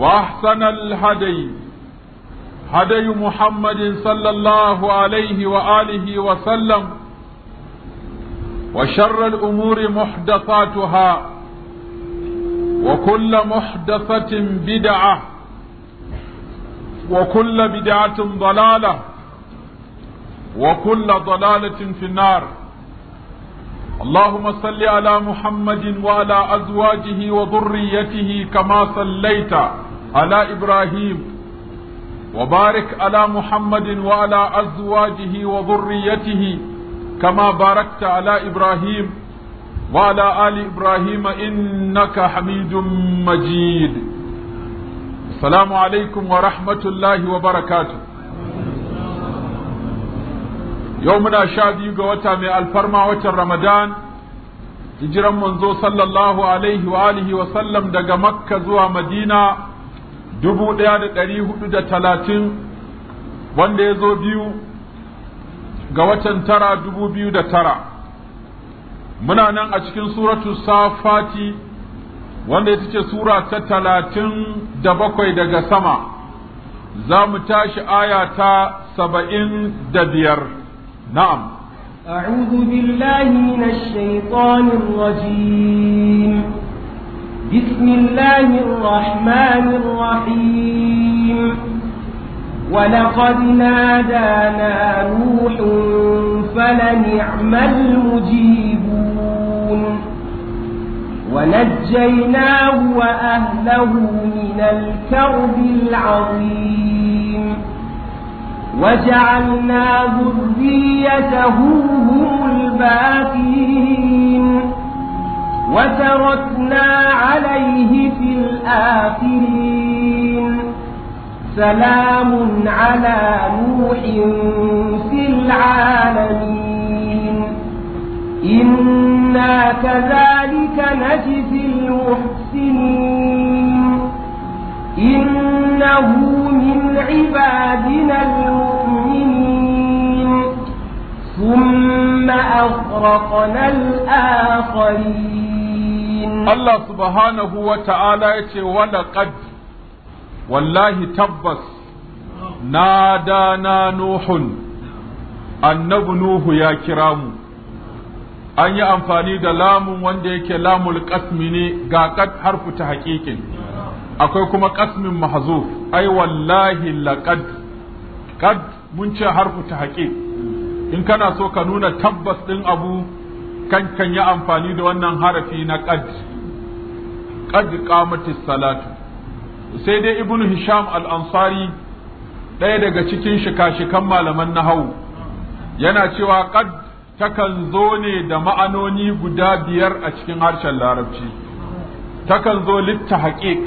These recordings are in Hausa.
وأحسن الهدي هدي محمد صلى الله عليه وآله وسلم وشر الأمور محدثاتها وكل محدثة بدعة وكل بدعة ضلالة وكل ضلالة في النار اللهم صل على محمد وعلى أزواجه وذريته كما صليت على إبراهيم وبارك على محمد وعلى أزواجه وذريته كما باركت على إبراهيم وعلى آل إبراهيم إنك حميد مجيد السلام عليكم ورحمة الله وبركاته يومنا شادي قوتا الفرما وتر رمضان hijiran manzo sallallahu alaihi wa alihi wa sallam daga makka zuwa madina dubu ɗaya da ɗari hudu da talatin wanda ya zo biyu ga watan tara dubu biyu da tara muna nan a cikin suratu safati wanda ya ce sura ta talatin da bakwai daga sama za mu tashi aya ta saba'in da biyar na'am أعوذ بالله من الشيطان الرجيم بسم الله الرحمن الرحيم ولقد نادانا نوح فلنعم المجيبون ونجيناه وأهله من الكرب العظيم وجعلنا ذريته هم الباقين وتركنا عليه في الآخرين سلام على نوح في العالمين إنا كذلك نجزي المحسنين إنه من عبادنا المؤمنين ثم أغرقنا الآخرين مبين الله سبحانه وتعالى walaƙad Wallahi tabbas. Na dana nuhun. annabi Nuhu ya kira mu an yi amfani da lamun wanda yake lamul ƙasmi ne ga ƙad harfu ta haƙiƙin akwai kuma ƙasmin mahzuf ai wallahi laƙad. Ƙad mun ce harfu ta haƙiƙ in kana so ka nuna tabbas ɗin abu kan yi amfani da wannan harafi na qad qad qamatis salatu sai dai ibnu hisham al-ansari ɗaya daga cikin shika-shikan malaman nahawu yana cewa qad takan zo ne da ma'anoni guda biyar a cikin harshen larabci takan zo litta haqiq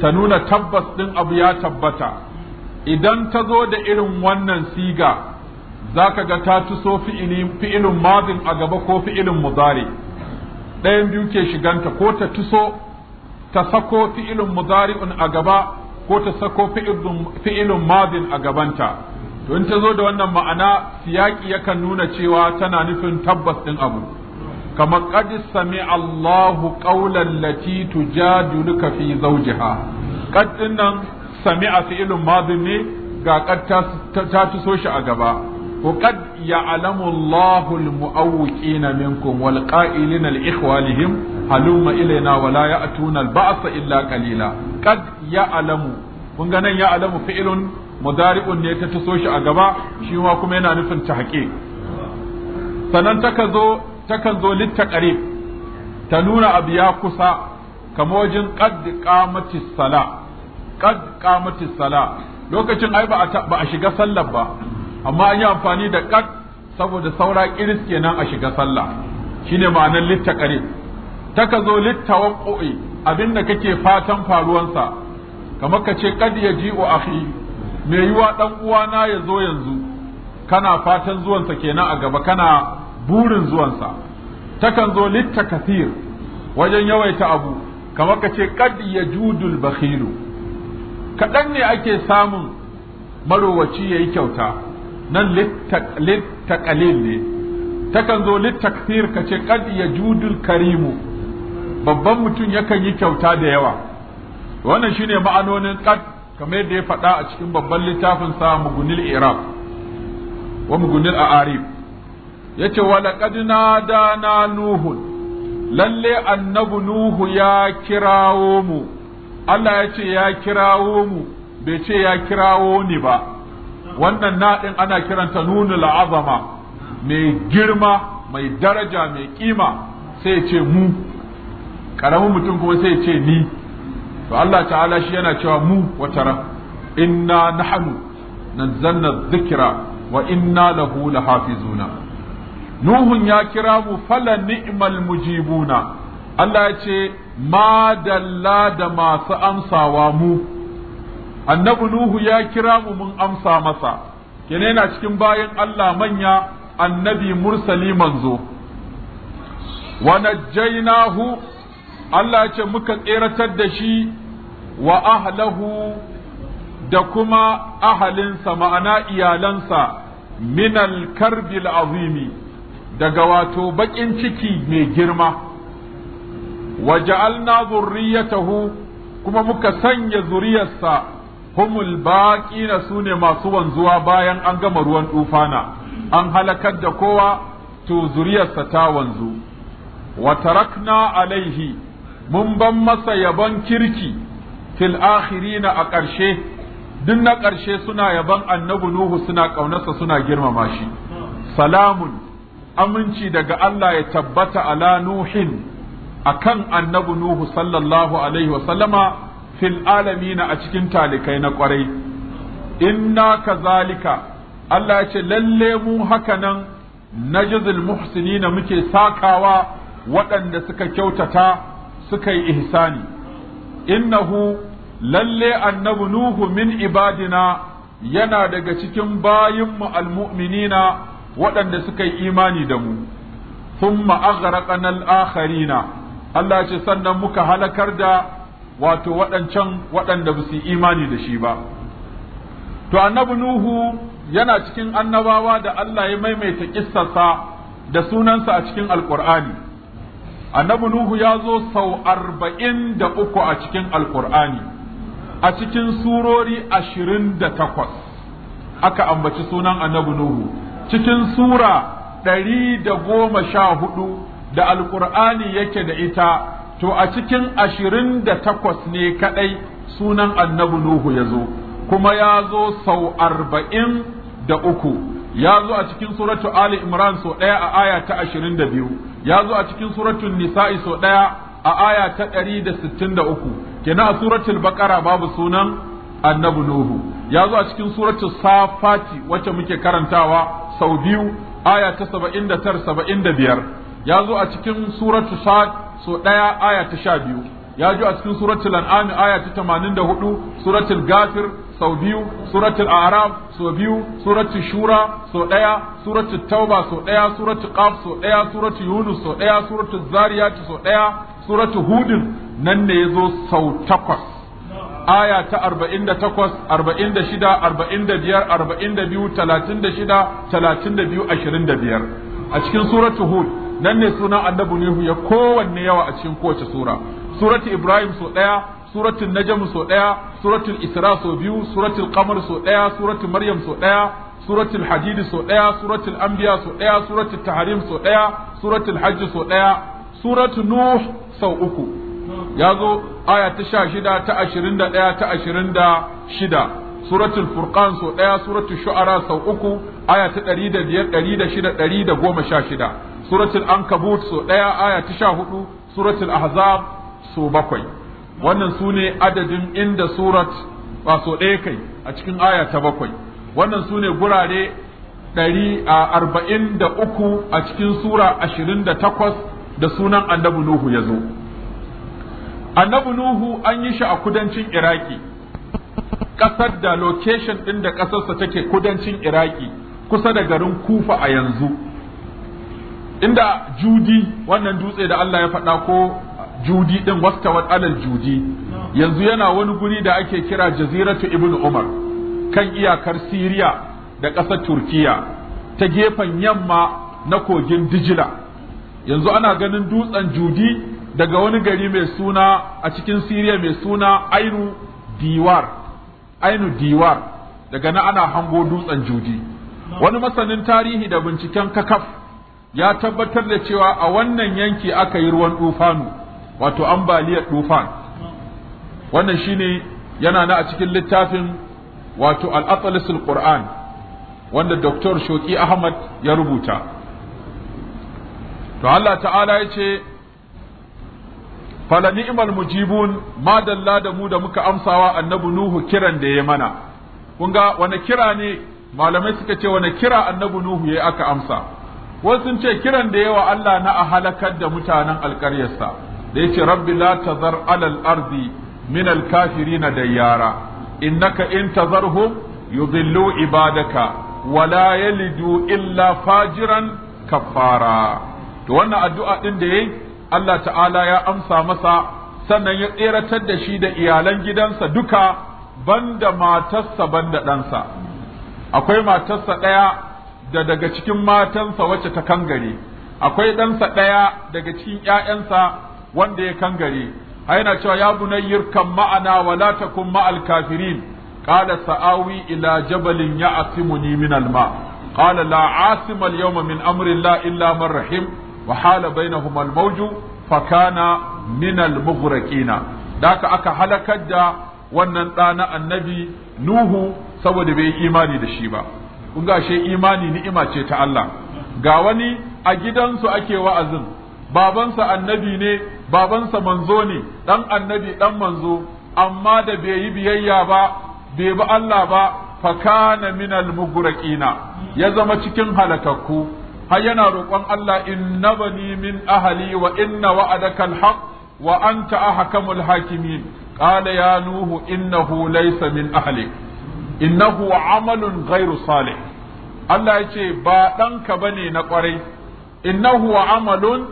ta nuna tabbas ɗin abu ya tabbata idan ta zo da irin wannan siga za ka ga ta tuso fi'ilin madin a gaba ko fi'ilin mudari ɗayan biyu ke shiganta ko ta tuso ta sako fi'ilin mudari'un a gaba ko ta sako fi'ilin madin a gabanta to in ta zo da wannan ma'ana siyaki yakan nuna cewa tana nufin tabbas ɗin abu kamar qad sami Allahu qawlan lati tujadiluka fi zawjiha qad dinnan sami'a fi'ilin madin ne ga qad ta tuso shi a gaba وقد يعلم الله المؤوقين منكم والقائلين لإخوانهم هلوم إلينا ولا يأتون البعث إلا قليلا قد يعلم kun ganin ya alamu fi'ilun mudari'un ne ta taso shi a gaba shi ma kuma yana nufin ta haƙe sannan takan zo takan ta nuna abu ya kusa kama wajen qad qamati sala qad qamati sala lokacin ai ba a shiga sallar ba amma an yi amfani da kad saboda saura kiris kenan a shiga sallah shine ma'anar ta ka zo abin abinda kake fatan faruwansa kamar ka ce kad ji'u akhi me yiwa dan uwana ya zo yanzu kana fatan zuwansa kenan a gaba kana burin zuwansa takan zo littakathir wajen yawaita abu kamar ka ce kad judul bakhilu kaɗan ne ake samun marowaci yayi kyauta nan littakalil ne takan zo littakfir ka ce kad ya judul karimu babban mutum yakan yi kyauta da yawa wannan shine ma'anonin kad kamar yadda ya faɗa a cikin babban littafin sa mugunil iraq wa mugunil ce yace wa da na nuhun lalle annabu nuhu ya kirawo mu Allah ya ce ya kirawo mu bai ce ya kirawo ni ba wannan na ana kiranta nunul azama mai girma mai daraja mai kima sai ya ce mu karamin mutum kuma sai ya ce ni to Allah ta'ala shi yana cewa mu watara inna nahnu nazzalna dhikra wa inna lahu lahafizuna nuhun ya kira mu fala ni'mal mujibuna Allah ya ce ma dalla da masu amsawa mu annabi nuhu ya kira mu mun amsa masa kene yana cikin bayan Allah manya annabi mursali manzo wa najjaynahu Allah ya ce muka tseratar da shi wa ahlahu da kuma ahalinsa ma'ana iyalansa minal karbil azimi daga wato baƙin ciki mai girma wa ja'alna zurriyatahu kuma muka sanya zuriyarsa humul baƙi su sune masu wanzuwa bayan an gama ruwan tufana an halakar da kowa to zuriyarsa ta wanzu Wata rakna alaihi mun ban masa yabon kirki fil akhirina a ƙarshe duk na ƙarshe suna yabon annabi nuhu suna ƙaunarsa suna girmama shi salamun aminci daga Allah ya tabbata ala nuhin akan annabi nuhu sallallahu alaihi wa sallama fil alamina a cikin talikai na kwarai inna kazalika Allah ya ce lalle mu haka nan na najzil muhsinina muke sakawa waɗanda suka kyautata suka yi ihsani innahu lalle annabi nuhu min ibadina yana daga cikin bayinmu almu'minina waɗanda suka yi imani da mu thumma aghraqana al-akharina Allah ce sannan muka halakar da wato waɗancan waɗanda ba su imani da shi ba to annabi nuhu yana cikin annabawa da Allah ya maimaita kissarsa da sunansa a cikin alkur'ani annabi nuhu ya zo sau arba'in da uku a cikin alkur'ani a cikin surori ashirin da takwas aka ambaci sunan annabi nuhu cikin sura ɗari da goma sha hudu da alkur'ani yake da ita to a cikin ashirin da takwas ne kaɗai sunan annabi Nuhu ya zo kuma ya zo sau arba'in da uku ya zo a cikin suratu Ali Imran sau ɗaya a aya ta ashirin da biyu ya zo a cikin suratun Nisa'i sau ɗaya a aya ta ɗari da sittin da uku kenan a suratul Baƙara babu sunan annabi Nuhu ya zo a cikin suratul Safati wacce muke karantawa sau biyu aya ta saba'in da tar saba'in da biyar ya zo a cikin suratu Sad so ɗaya aya ta sha biyu ya ji a cikin suratul an'am aya ta tamanin da hudu suratul gafir sau biyu suratul araf sau biyu suratul shura sau ɗaya suratul tauba sau ɗaya suratul qaf sau ɗaya suratul yunus sau ɗaya suratul zariyat sau ɗaya suratul hudin nan ne yazo sau takwas aya ta arba'in da takwas, arba'in da shida, arba'in da biyar, arba'in da biyu, talatin da shida, talatin da biyu, ashirin da biyar. A cikin suratul Hud, nan ne sunan annabi nuhu ya kowanne yawa a cikin kowace sura suratul ibrahim so daya suratul najm so daya suratul isra so biyu suratul qamar so daya suratul maryam so daya suratul hadid so daya suratul anbiya so daya suratul tahrim so daya suratul hajj so daya suratul nuh sau uku ya zo aya ta sha shida ta ashirin da ɗaya ta ashirin da shida suratul furqan so ɗaya suratul shu'ara sau uku aya ta ɗari da biyar ɗari da shida ɗari da goma sha shida suratul ankabut so ɗaya aya ta sha hudu suratul ahzab so bakwai wannan su ne adadin inda surat ba so ɗaya kai a cikin aya ta bakwai wannan su ne gurare ɗari a arba'in da uku a cikin sura ashirin da takwas da sunan annabi nuhu ya zo annabi nuhu an yi shi a kudancin iraki ƙasar da location ɗin da ƙasarsa take kudancin iraki kusa da garin kufa a yanzu inda judi wannan dutse da Allah ya faɗa ko judi ɗin wastawat alal judi yanzu yana wani guri da ake kira jaziratu ibn umar kan iyakar siriya da ƙasar turkiya ta gefen yamma na kogin dijila yanzu ana ganin dutsen judi daga wani gari mai suna a cikin siriya mai suna ainu diwar ainu diwar daga na ana hango dutsen judi wani masanin tarihi da binciken kakaf ya tabbatar da cewa a wannan yanki aka yi ruwan dufanu wato ambaliyar dufan wannan shine yana na a cikin littafin wato al-atlasul qur'an wanda Dr. Shoki Ahmad ya rubuta to Allah ta'ala ya ce fala ni'mal mujibun ma da mu da muka amsawa annabi nuhu kiran da ya mana kun ga wani kira ne malamai suka ce wani kira annabi nuhu ya aka amsa wasu sun ce kiran da yawa Allah na a halakar da mutanen alƙaryarsa da ya ce rabbi la tazar alal ardi min alkafirin da innaka in tazarhum yudillu ibadaka wala ya yalidu illa fajiran kafara to wannan addu'a din da yayi Allah ta'ala ya amsa masa sannan ya tseratar da shi da iyalan gidansa duka banda matarsa banda ɗansa akwai matarsa ɗaya da daga cikin matansa wacce ta kangare akwai ɗansa ɗaya daga cikin ‘ya'yansa wanda ya kangare yana cewa ya bunayyir kan ma'ana wa ta takun ma'al kafirin qala sa'awi ila jabalin ya'simuni min al-ma qala la asimal al min amrin Allah illa man rahim wa hala bainahuma al-mawju fa kana min al-mughraqina daka aka halakar da wannan ɗa na annabi nuhu saboda bai imani da shi ba kun ga imani ni'ima ce ta Allah ga wani a gidansu ake wa'azin babansa annabi ne babansa manzo ne dan annabi dan manzo amma da bai yi biyayya ba bai bi Allah ba fakana minal mugraqina ya zama cikin halakakku har yana roƙon Allah inna bani min ahli wa inna wa'adaka alhaq wa anta ahkamul hakimin qala ya nuhu innahu laysa min ahlik innahu amalun ghairu salih Allah ya ce ba ɗanka ba ne na ƙwarai innahu amalun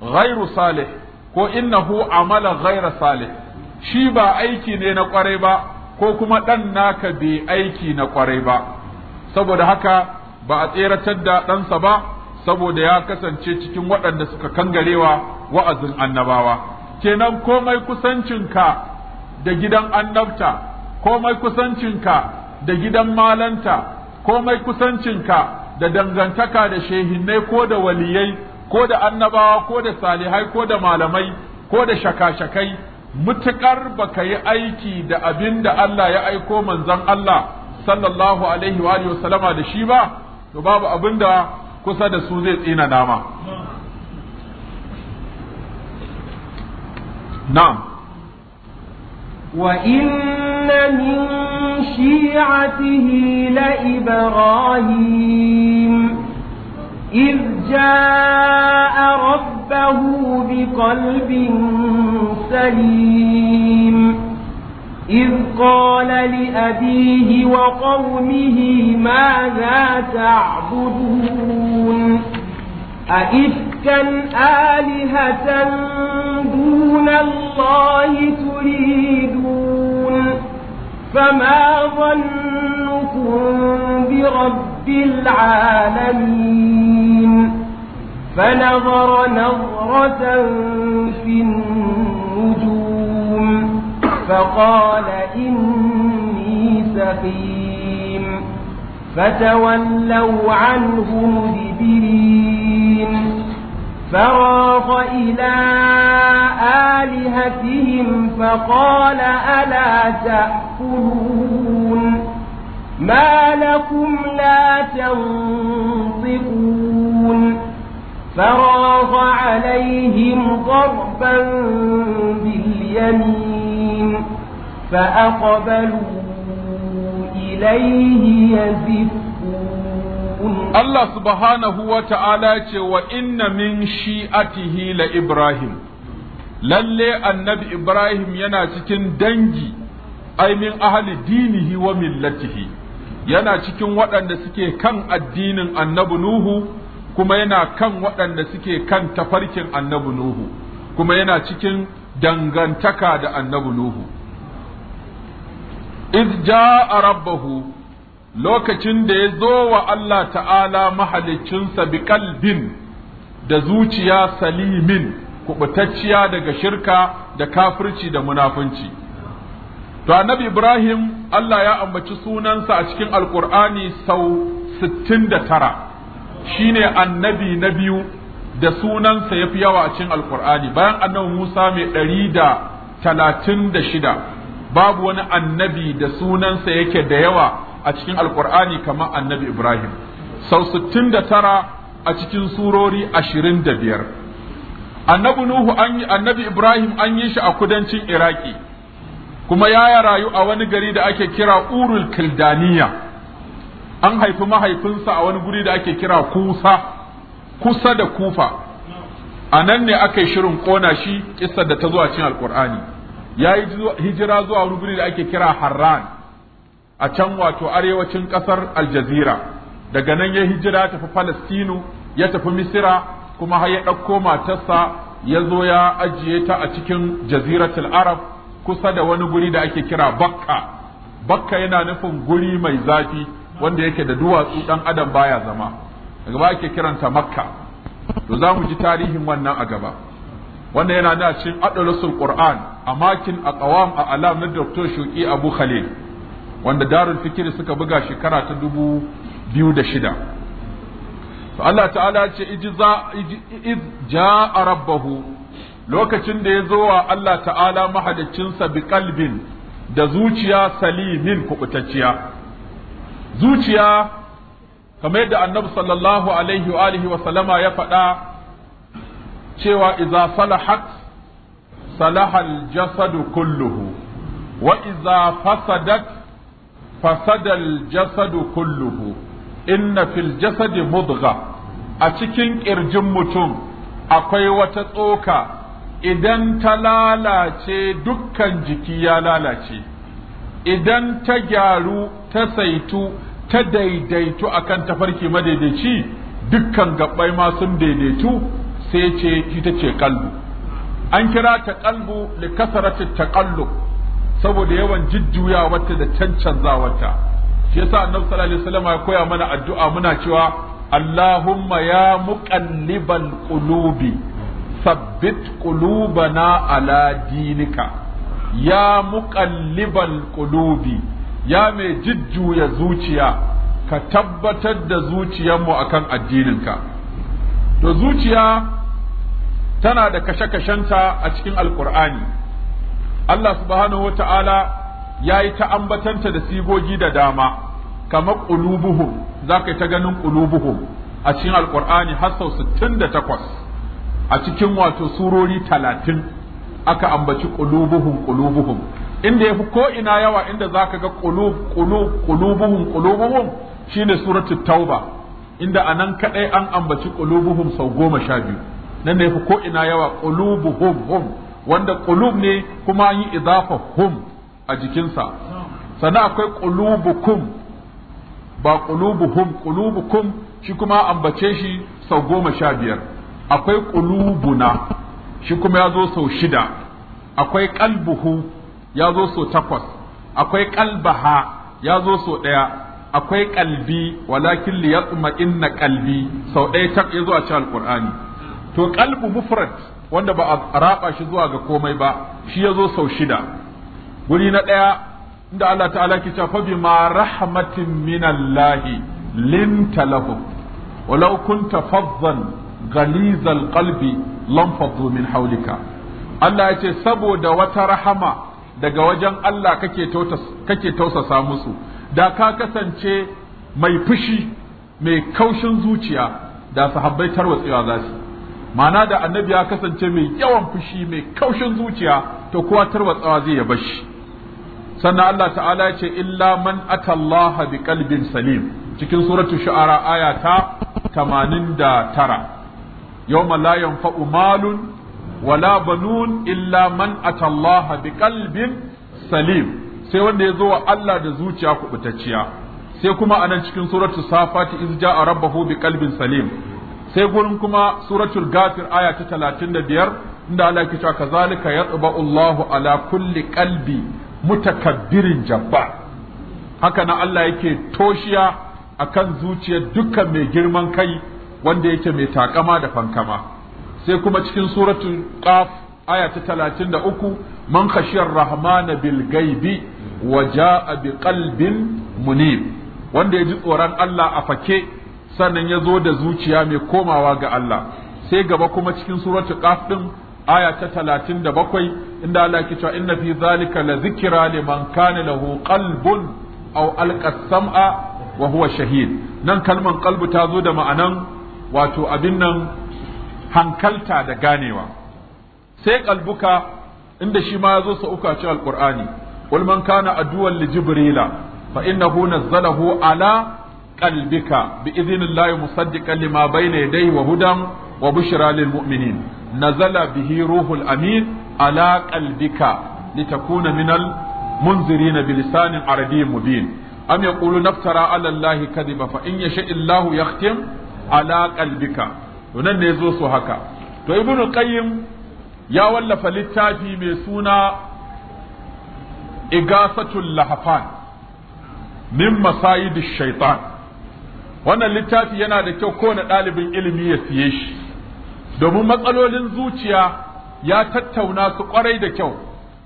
ghairu salih ko innahu amala ghairu salih shi ba aiki ne na ƙwarai ba ko kuma ɗan naka bai aiki na ƙwarai ba saboda haka ba a tseratar da ɗansa ba saboda ya kasance cikin waɗanda suka kangarewa wa'azin annabawa kenan komai kusancinka da gidan annabta komai kusancinka da gidan malanta komai kusancinka da dangantaka da shehinnai ko da waliyai ko da annabawa ko da salihai ko da malamai ko da shakashakai, shakai baka yi aiki da abin da Allah ya aiko manzon Allah sallallahu alaihi wa alihi da shi ba to babu abin da kusa da su zai tsina nama na'am وإن من شيعته لإبراهيم إذ جاء ربه بقلب سليم إذ قال لأبيه وقومه ماذا تعبدون أئفكا شريكا آلهة دون الله تريدون فما ظنكم برب العالمين فنظر نظرة في النجوم فقال إني سقيم فتولوا عنه مدبرين فراغ إلى آلهتهم فقال ألا تأكلون ما لكم لا تنطقون فراغ عليهم ضربا باليمين فأقبلوا إليه يزفون Allah subhanahu wa ta'ala ce wa inna min shi'atihi la Ibrahim, lalle annabi Ibrahim yana cikin dangi, aimin ahali dinihi wa millatihi, yana cikin waɗanda suke kan addinin annabi Nuhu, kuma yana kan waɗanda suke kan tafarkin annabi Nuhu, kuma yana cikin dangantaka da annabi Nuhu. Iz ja'a rabbahu lokacin da ya zo wa Allah ta'ala mahaliccinsa bi kalbin da zuciya salimin kubutacciya daga shirka da kafirci da munafunci to annabi Ibrahim Allah ya ambaci sunansa a cikin alkur'ani sau 69 shine annabi na biyu da sunansa ya fi yawa a cikin alkur'ani bayan annabi Musa mai ɗari da talatin da shida babu wani annabi da sunansa yake da yawa a cikin alkur'ani kamar annabi ibrahim sau sittin da tara a cikin surori ashirin da biyar annabi nuhu annabi ibrahim an yi shi a kudancin iraki kuma ya rayu a wani gari da ake kira urul kildaniya an haifi mahaifinsa a wani guri da ake kira kusa kusa da kufa a nan ne aka yi shirin kona shi kisar da ta zuwa cin alkur'ani ya yi hijira zuwa wani guri da ake kira harran a can wato arewacin ƙasar aljazira daga nan ya hijira tafi falastinu ya tafi misira kuma har ya ɗauko matarsa ya zo ya ajiye ta a cikin jaziratul arab kusa da wani guri da ake kira bakka bakka yana nufin guri mai zafi wanda yake da duwatsu dan adam baya zama daga ba ake kiranta makka to za mu ji tarihin wannan a gaba wannan yana da cikin adalasul qur'an makin, a a alam na dr shuki abu khalil wanda darul fikir suka buga shekara ta dubu biyu da shida Allah ta'ala ce iz ja'a rabbahu lokacin da ya zo wa Allah ta'ala mahalicinsa bi kalbin da zuciya salimin kubutacciya zuciya kamar yadda annabi sallallahu alaihi wa alihi wa sallama ya faɗa cewa idza salahat salahal jasadu kulluhu wa idza fasadat Fasadar jasadu kulluhu inna fil jasadi mudgha a cikin ƙirjin mutum akwai wata tsoka idan ta lalace dukkan jiki ya lalace idan ta gyaru ta saitu ta daidaitu akan tafarki madaidaici dukkan gabbai ma sun daidaitu sai ce ita ce kalbu an kira ta kalbu li kasarati taqallub saboda yawan wata da cancanzawarta shi yasa annabi sallallahu alaihi wasallam ya koya mana addu'a muna cewa Allahumma ya muqallibal qulubi sabbit qulubana ala dinika ya muqallibal qulubi ya mai jujjuya zuciya ka tabbatar da zuciyarmu akan addininka to zuciya tana da kashe-kashenta a cikin alkur'ani Allah subhanahu wata'ala ya yi ta ambatanta da sigogi da dama kamar ƙulubuhum za ka ta ganin ƙulubuhum a cikin alƙur'ani har sau sittin da takwas a cikin wato surori talatin aka ambaci ƙulubuhum ƙulubuhum inda ya fi ko'ina yawa inda za ka ga ƙulub ƙulub shine suratul tauba inda a nan kaɗai an ambaci ƙulubuhum sau goma sha biyu nan da ya fi ko'ina yawa ƙulubuhum wanda qulub ne kuma an yi idafa hum a jikinsa sannan akwai qulubukum ba qulubuhum qulubukum shi kuma ambace shi sau goma sha biyar akwai ƙulubuna shi kuma ya zo sau shida akwai ƙalbuhu ya zo sau takwas akwai ƙalbaha, ya zo sau ɗaya akwai ƙalbi, walakin liyatsu yatma ƙalbi kalbi sau ɗaya ya zo a cikin alƙur'ani to ƙalbu mufrad wanda ba a raba shi zuwa ga komai ba shi ya zo sau shida guri na ɗaya inda Allah ta'ala ke cewa fabi ma rahmatin minallahi linta lahum walau kunta fazzan ghalizal qalbi lam fadu min hawlika Allah ya ce saboda wata rahama daga wajen Allah kake kake tausasa musu da ka kasance mai fushi mai kaushin zuciya da sahabbai tarwatsewa za su ma'ana da annabi ya kasance mai yawan fushi mai kaushin zuciya to kowa tarwatsawa zai ya bashi sannan Allah ta'ala ya ce illa man atallaha bi qalbin salim cikin suratul shu'ara aya ta 89 yawma la yanfa'u malun wala banun illa man atallaha bi qalbin salim sai wanda ya zo wa Allah da zuciya kubutacciya sai kuma anan cikin suratul safati iz ja'a rabbahu bi qalbin salim sai gurin kuma suratul gafir aya ta talatin da biyar inda Allah ke cewa kazalika yatba Allahu ala kulli qalbi mutakabbirin jabba haka na Allah yake toshiya akan zuciyar dukkan mai girman kai wanda yake mai takama da fankama sai kuma cikin suratul qaf aya ta talatin da uku man khashiyar rahmana bil gaibi wa ja'a bi qalbin munib wanda ya ji tsoron Allah a fake sannan ya zo da zuciya mai komawa ga Allah sai gaba kuma cikin suratul qaf din aya ta talatin da bakwai inda Allah ke cewa inna fi zalika la zikra liman kana lahu qalbun aw alqa sam'a wa huwa shahid nan kalman qalbu ta zo da ma'anan wato abin nan hankalta da ganewa sai kalbuka inda shi ma ya zo sa uku a cikin alqur'ani qul man kana aduwwan li jibrila fa innahu nazzalahu ala قلبك بإذن الله مصدقا لما بين يديه وهدى وبشرى للمؤمنين نزل به روح الأمين على قلبك لتكون من المنذرين بلسان عربي مبين أم يقولون افترى على الله كذبا فإن يشاء الله يختم على قلبك ونن يزوس هكا تو ابن القيم يا ولف للتافي ميسونا إغاثة اللهفان من مصايد الشيطان wannan littafi yana da kyau kowane ɗalibin ilimi ya siye shi domin matsalolin zuciya ya tattauna su kwarai da kyau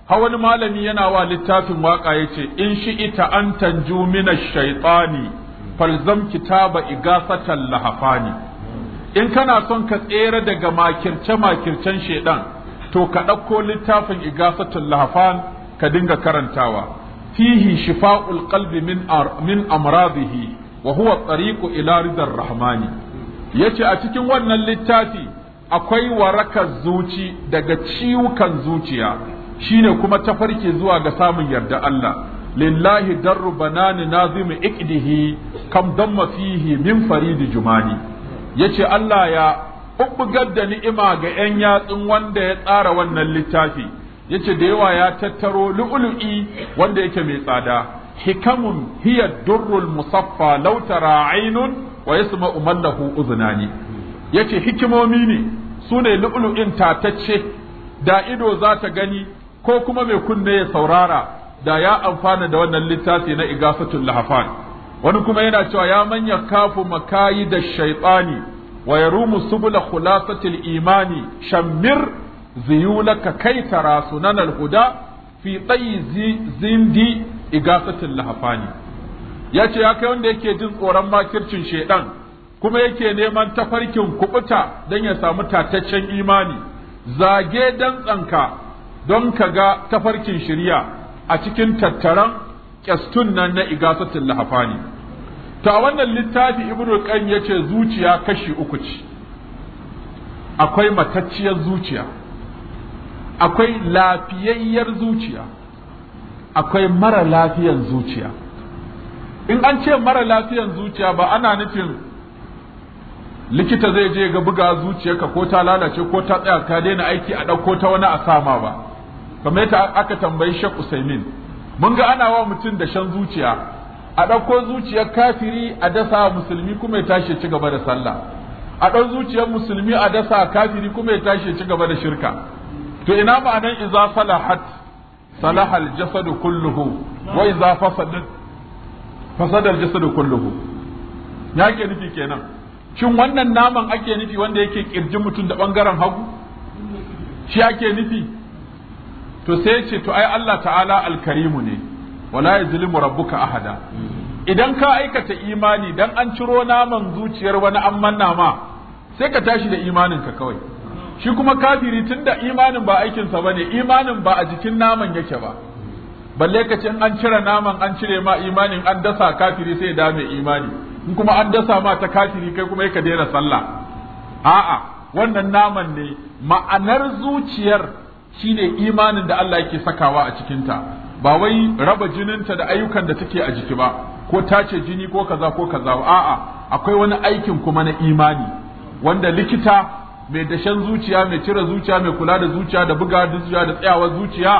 hawan wani malami yana wa littafin waka ya ce in shi ita an tanju mina shaitani falzam kitaba igasatan lahafani in kana son ka tsere daga makirce makircen shaidan to ka ɗauko littafin igasatan lahafan ka dinga karantawa fihi shifa'ul qalbi min min wa huwa tariqu ila ridar rahmani yace a cikin wannan littafi akwai warakar zuci daga ciwukan zuciya shine kuma ta farke zuwa ga samun yarda Allah lillahi darru banani nazimi ikdihi kam damma fihi min faridi jumani yace Allah ya bubbugar da ni'ima ga yan yatsun wanda ya tsara wannan littafi yace da yawa ya tattaro lu'ulu'i wanda yake mai tsada hikamun hiya durrul musaffa law tara aynun wa yasma'u man lahu yace hikimomi ne sune ta tatacce da ido za ta gani ko kuma mai kunne ya saurara da ya amfana da wannan littafi na igafatul lahafan wani kuma yana cewa ya manya kafu makayi da shaitani wa yarumu subula khulasatil imani shammir ziyulaka kai tara sunan alhuda fi tsayi zindi igasatul lahafani ya ce ya kai wanda yake jin tsoron makircin shaidan kuma yake neman tafarkin kuɓuta don ya samu tataccen imani zage dan tsanka don ka ga tafarkin shirya a cikin tattaran kyastun nan na igasatul lahafani ta wannan littafi ibnu qayyim yace zuciya kashi uku ce akwai matacciyar zuciya akwai lafiyayyar zuciya akwai mara lafiyan zuciya in an ce mara lafiyan zuciya ba ana nufin likita zai je ga buga zuciyarka ko ta lalace ko ta tsaya ka daina aiki a ɗauko ta wani asama ba kamar yadda aka tambayi Sheikh Usaimin mun ga ana wa mutum da shan zuciya a ɗauko zuciyar kafiri a dasa musulmi kuma ya tashi ci gaba da sallah a ɗau zuciyar musulmi a dasa kafiri kuma ya tashi ci gaba da shirka to ina ma'anar iza salahat صلح الجسد كله واذا فسد فسد الجسد كله yake nufi kenan shin wannan naman ake nufi wanda yake kirjin mutum da bangaren hagu shi ake nufi to sai ce to ai Allah ta'ala alkarimu ne wala yuzlimu rabbuka ahada idan ka aikata imani dan an ciro naman zuciyar wani an manna ma sai ka tashi da imaninka kawai shi kuma kafiri tun da imanin ba aikinsa bane imanin ba a jikin naman yake ba balle ka ce an cire naman an cire ma imanin an dasa kafiri sai da mai imani in kuma an dasa ma ta kafiri kai kuma ka daina sallah a'a wannan naman ne ma'anar zuciyar shine imanin da Allah yake sakawa a cikin ta ba wai raba jininta da ayyukan da take a jiki ba ko tace jini ko kaza ko kaza a'a akwai wani aikin kuma na imani wanda likita mai dashen zuciya mai cire zuciya mai kula da zuciya da buga da zuciya da tsayawar zuciya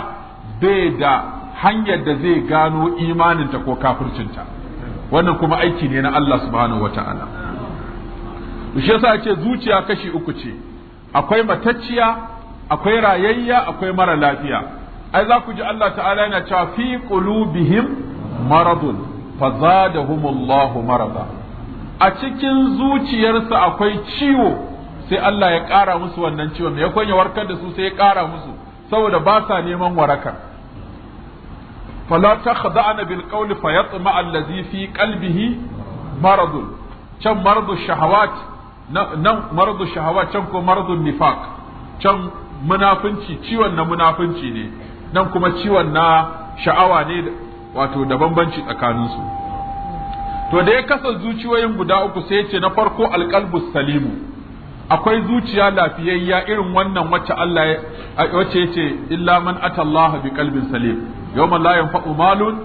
bai da hanyar da zai gano imaninta ko kafircinta wannan kuma aiki ne na Allah subhanahu wata'ala shi yasa ce zuciya kashi uku ce akwai matacciya akwai rayayya akwai mara lafiya ai za ku ji Allah ta'ala yana cewa fi qulubihim maradun fazadahumullahu marada a cikin zuciyarsa akwai ciwo sai Allah ya ƙara musu wannan ciwon ya ya warkar da su sai ya ƙara musu saboda ba sa neman warakar fala takhda'na bil qawli yatma allazi fi qalbihi maradun can maradu shahawat nan maradu shahawat can ko maradun nifaq can munafunci ciwon na munafunci ne nan kuma ciwon na sha'awa ne wato da bambanci tsakaninsu to da ya kasa zuciyoyin guda uku sai ya ce na farko alqalbus salimu akwai zuciya lafiyayya irin wannan wacce Allah wacce yace illa man atallaha bi qalbin salim yawma la yanfa'u malun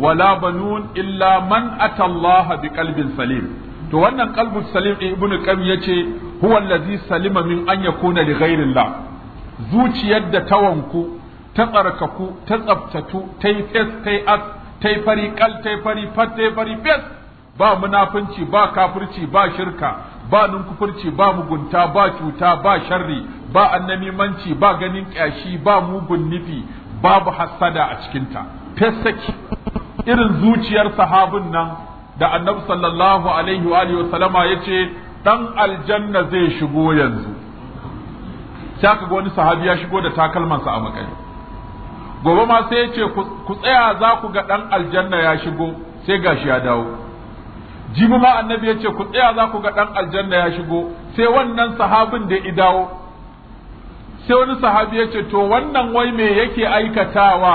wala banun illa man atallaha bi qalbin salim to wannan qalbus salim ibnu qayyim yace huwa allazi salima min an yakuna li ghairillah zuciyar da tawanku ta tsarkaku ta tsaftatu ta yi fes ta yi as ta yi fari kal ta yi fari fat ta yi fari fes ba munafunci ba kafirci ba shirka ba kufurci ba mugunta ba cuta ba sharri ba annamimanci ba ganin ƙyashi ba mugun nufi babu hassada a cikinta fesaki irin zuciyar sahabin nan da annabi sallallahu alaihi wa alihi ya yace dan aljanna zai shigo yanzu sai kaga wani sahabi ya shigo da takalmansa a makare gobe ma sai yace ku tsaya za ku ga dan aljanna ya shigo sai gashi ya dawo jibi ma annabi ya ce ku tsaya za ku ga ɗan aljanna ya shigo sai wannan sahabin da ya dawo sai wani sahabi ya ce to wannan wai me yake aikatawa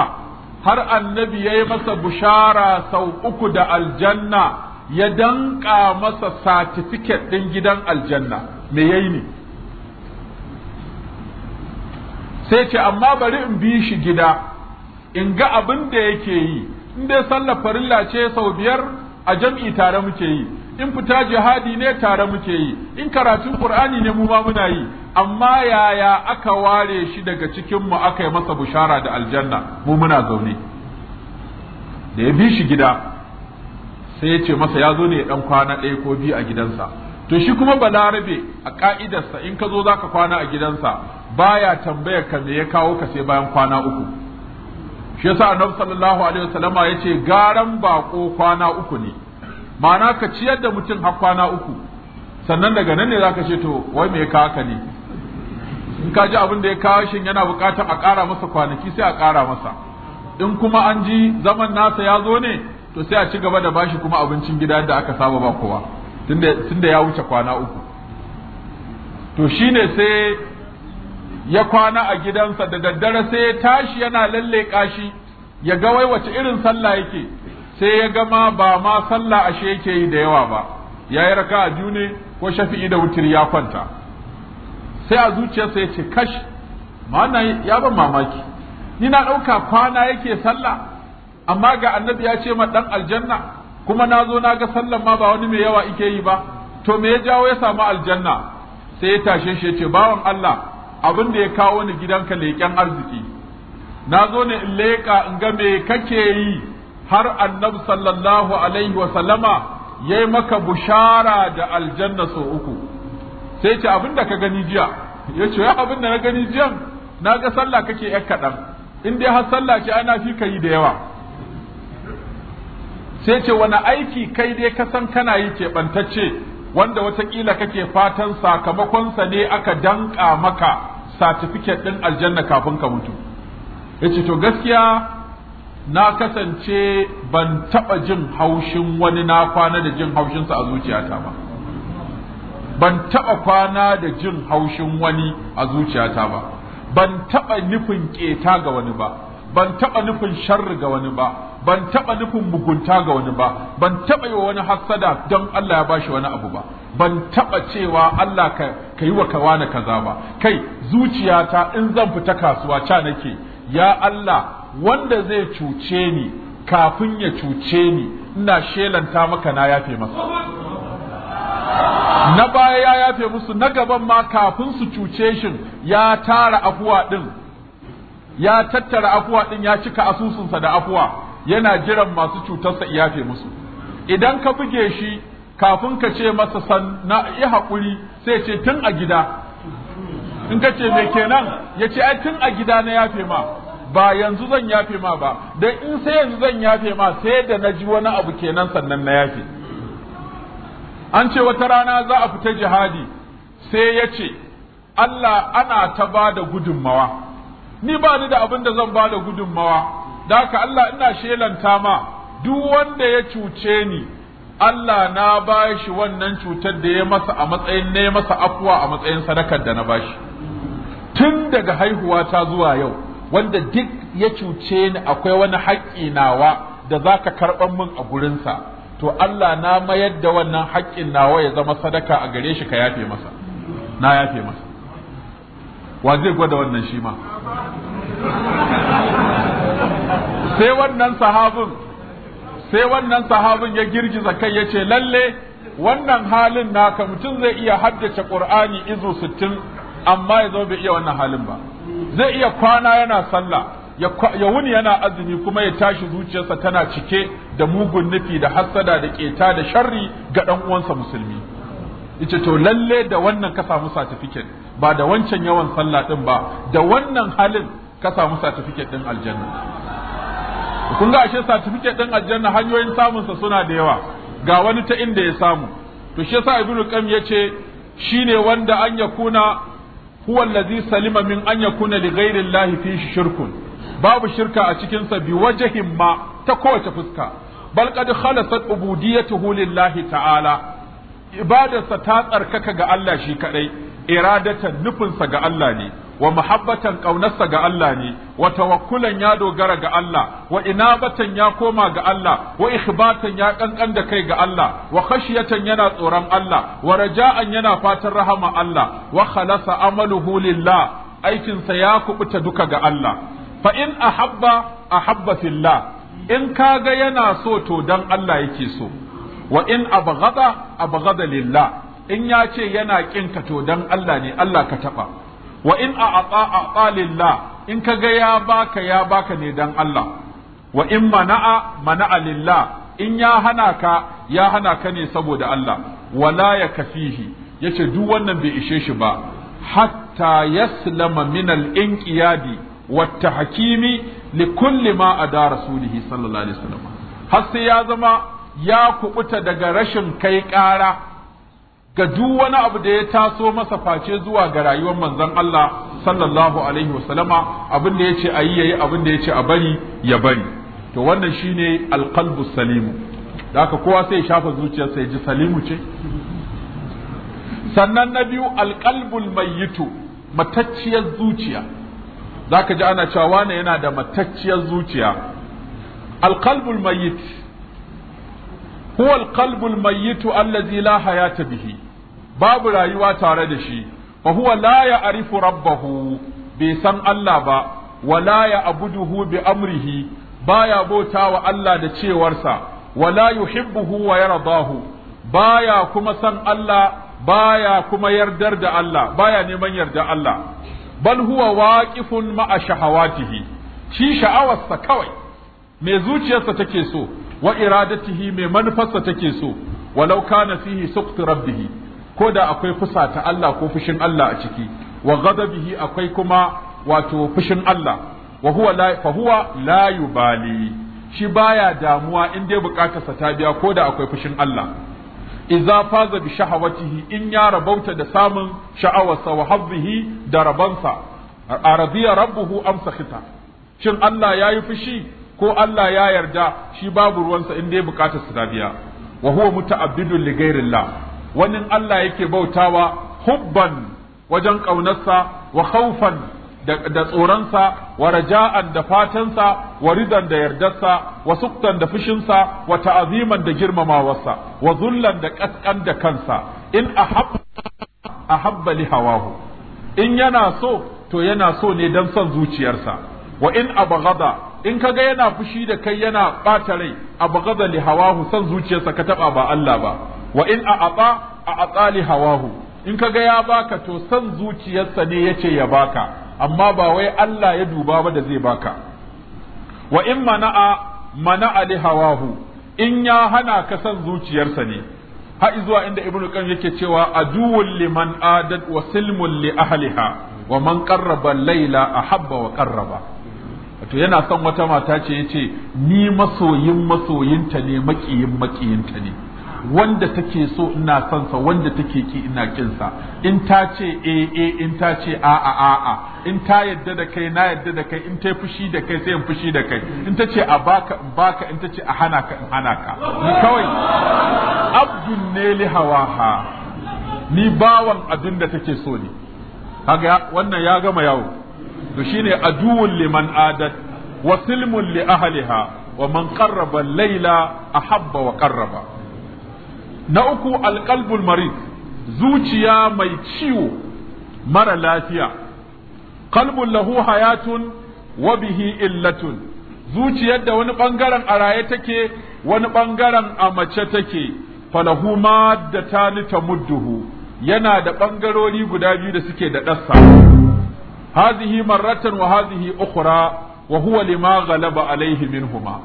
har annabi ya yi masa bushara sau uku da aljanna ya danka masa satifiket ɗin gidan aljanna me yayi ne sai ce amma bari in bi shi gida in ga abin da yake yi in dai sallar farilla ce sau biyar a jam'i tare muke yi in fita jihadi ne tare muke yi in karatun qur'ani ne mu ma muna yi amma yaya aka ware shi daga cikin mu aka yi masa bushara da aljanna mu muna zaune da ya bi shi gida sai ya ce masa ya zo ne dan kwana ɗaya ko biyu a gidansa to shi kuma balarabe a ka'idarsa in ka zo zaka kwana a gidansa baya tambayar ka me ya kawo ka sai bayan kwana uku shi yasa annabi sallallahu alaihi wasallama yace garan bako kwana uku ne ma'ana ka ciyar da mutum har kwana uku sannan daga nan ne zaka ce to wai me ka haka ne in ka ji abin da ya kawo shin yana buƙatar a ƙara masa kwanaki sai a ƙara masa in kuma an ji zaman nasa ya zo ne to sai a ci gaba da bashi kuma abincin gida da aka saba ba kowa tunda ya wuce kwana uku to shine sai ya kwana a gidansa da daddare sai ya tashi yana lalle kashi, ya ga wai wace irin sallah yake sai ya ga ma ba ma sallah ashe yake yi da yawa ba ya yi raka a biyu ko shafi'i da wutir ya kwanta sai a zuciyarsa ya ce kashi ma'ana ya ban mamaki ni na ɗauka kwana yake sallah amma ga annabi ya ce ma ɗan aljanna kuma na zo na ga sallan ma ba wani mai yawa ike yi ba to me ya jawo ya samu aljanna sai ya tashe shi ya ce bawan Allah abin da ya kawo ni gidanka leƙen arziki na zo ne in leƙa in ga me kake yi har annabi sallallahu alaihi wa sallama yayi maka bushara da aljanna so uku sai ce abin da ka gani jiya ya ce abin da na gani jiyan na ga sallah kake yar kaɗan in dai har sallah ce ana fi ka yi da yawa sai ce wani aiki kai dai ka san kana yi keɓantacce wanda watakila kake fatan sakamakonsa ne aka danƙa maka satifiket ɗin aljanna kafin ka mutu ya ce to gaskiya na kasance ban taɓa jin haushin wani na kwana da jin haushinsa a zuciyata ba ban taɓa kwana da jin haushin wani a zuciyata ba ban taɓa nufin ƙeta ga wani ba ban taɓa nufin sharri ga wani ba ban taɓa nufin mugunta ga wani ba ban taɓa yi wa wani hassada don Allah ya ba shi wani abu ba ban taɓa cewa Allah ka yi wa kawa na kaza ba kai zuciyata in zan fita kasuwa ca nake ya Allah wanda zai cuce ni kafin ya cuce ni ina shelanta maka na yafe masa na baya ya yafe musu na gaban ma kafin su cuce shin ya tara afuwa din ya tattara afuwa din ya cika asusunsa da afuwa yana jiran masu cutarsa iyafe musu idan ka buge shi kafin ka ce masa sanna yi haƙuri sai ce tun a gida in ka ce me kenan ya ce ai tun a gida na yafe ma ba yanzu zan yafe ma ba dan in sai yanzu zan yafe ma sai da na ji wani abu kenan sannan na yafe an ce wata rana za a fita jihadi sai ya ce Allah ana ta ba da gudunmawa ni ba ni da abin da zan ba da gudunmawa da haka Allah ina shelanta ma duk wanda ya cuce ni Allah na ba shi wannan cutar da ya masa a matsayin ne masa afuwa a matsayin sadakar da na ba shi tun daga haihuwa ta zuwa yau wanda duk ya cuce ni akwai wani haƙƙi nawa da za ka karɓar min a gurinsa to Allah na mayar da wannan haƙƙin nawa ya zama sadaka a gare shi ka yafe masa na yafe masa wa zai gwada wannan shi ma sai wannan sahabin sai wannan sahabin ya girgiza kai ya ce lalle wannan halin naka mutum zai iya haddace qur'ani izu sittin amma ya zo bai iya wannan halin ba zai iya kwana yana sallah ya wuni yana azumi kuma ya tashi zuciyarsa tana cike da mugun nufi da hassada da keta da sharri ga dan uwansa musulmi yace to lalle da wannan ka samu certificate ba da wancan yawan sallah din ba da wannan halin ka samu certificate din aljanna kun ga ashe certificate din aljanna hanyoyin samun sa suna da yawa ga wani ta inda ya samu to shi yasa ibnu qam yace shine wanda an yakuna huwa allazi salima min an yakuna li ghairi llahi fi shirkun babu shirka a cikin sa bi wajhin ma ta kowace fuska bal qad khalasat ubudiyyatuhu lillahi ta'ala ibadarsa ta tsarkaka ga Allah shi kadai iradatan nufinsa ga Allah ne wa muhabbatan ƙaunarsa ga Allah ne wa tawakkulan ya dogara ga Allah wa inabatan ya koma ga Allah wa ikhbatan ya ƙanƙan da kai ga Allah wa khashiyatan yana tsoron Allah wa raja'an yana fatan rahama Allah wa khalasa amaluhu lillah aikinsa ya kubuta duka ga Allah fa in ahabba ahabba fillah in kaga yana so to dan Allah yake so wa in abghada abghada lillah in ya ce yana kin ka to dan Allah ne Allah ka taba wa in a a lillah in ka ga ya baka ya baka ne dan Allah wa in mana'a mana'a lillah in ya hana ka ya hana ka ne saboda Allah wala ya kafihi Ya ce duk wannan bai ishe shi ba hatta yaslama min al-inqiyadi wa tahkimi li kulli ma ada rasulihi sallallahu alaihi wasallam har sai ya zama ya kubuta daga rashin kai ƙara ga duk wani abu da ya taso masa face zuwa ga rayuwar manzon Allah sallallahu alaihi wasallama abin da yace ayi yayi abin da yace a bari ya bari to wannan shine alqalbu salimu da haka kowa sai ya shafa zuciyarsa ya ji salimu ce sannan na biyu alqalbul mayyitu matacciyar zuciya zaka ji ana cewa wane yana da matacciyar zuciya alqalbul mayyit huwa alqalbul mayyit allazi la hayata bihi babu rayuwa tare da shi fa huwa la ya'rifu rabbahu bai san Allah ba wala ya abuduhu bi amrihi baya wa Allah da cewarsa wala yuhibbuhu wa yardahu baya kuma san Allah baya kuma yardar da Allah baya neman yarda Allah bal huwa waqifun ma'a shahawatihi shi sha'awarsa kawai me zuciyarsa take so wa iradatihi mai manufarsa take so walau kana fihi suqtu rabbih ko da akwai fusa ta Allah ko fushin Allah a ciki wa ghadabihi akwai kuma wato fushin Allah wa huwa la fa huwa la yubali shi baya damuwa in dai bukatarsa ta biya ko da akwai fushin Allah idza faza bi shahawatihi in ya rabauta da samun sha'awarsa wa hazzihi da rabansa aradiya rabbuhu am sakhita shin Allah yayi fushi ko Allah ya yarda shi babu ruwansa in dai bukatarsa ta biya wa huwa muta'abbidun li ghairillah wani Allah yake bautawa hubban wajen ƙaunarsa wa khawfan da tsoronsa wa raja'an da fatansa wa ridan da yardarsa wa suktan da fushinsa wa ta'aziman da girmamawarsa wa zullan da kaskan da kansa in ahabba ahabba li hawahu in yana so to yana so ne don son zuciyarsa wa in abghada in kaga yana fushi da kai yana bata rai abghada li hawahu son zuciyarsa ka taɓa ba Allah ba wa in a aba a atsali hawahu in kaga ya baka to san zuciyarsa ne yace ya baka amma ba wai Allah ya duba ba da zai baka wa in mana'a mana'a li hawahu in ya hana ka san zuciyarsa ne ha zuwa inda ibnu qayyim yake cewa aduwwul liman adad wa silmun li ahliha wa man qarraba layla ahabba wa qarraba wato yana son wata mata ce yace ni masoyin masoyinta ne maƙiyin maƙiyinta ne wanda take so ina son wanda take ki ina kin sa in ta ce eh eh in ta ce a a a a in ta yadda da kai na yadda da kai in ta fushi da kai sai in fushi da kai in ta ce a baka in baka in ta ce a hana ka in hana ka ni kawai abdun ne li hawaha ni bawan abin da take so ne kaga wannan ya gama yawo to shine aduwwul liman adat wa silmun li ahliha wa man qarraba layla ahabba wa qarraba na uku alƙalbul marid zuciya mai ciwo mara lafiya qalbun lahu hayatun wa bihi illatun zuciyar da wani ɓangaren a raye take wani ɓangaren a mace take falahu ta mudduhu, yana da ɓangarori guda biyu da suke da ɗassa. hazihi marratan wa hazihi ukhra wa huwa lima ghalaba alaihi minhuma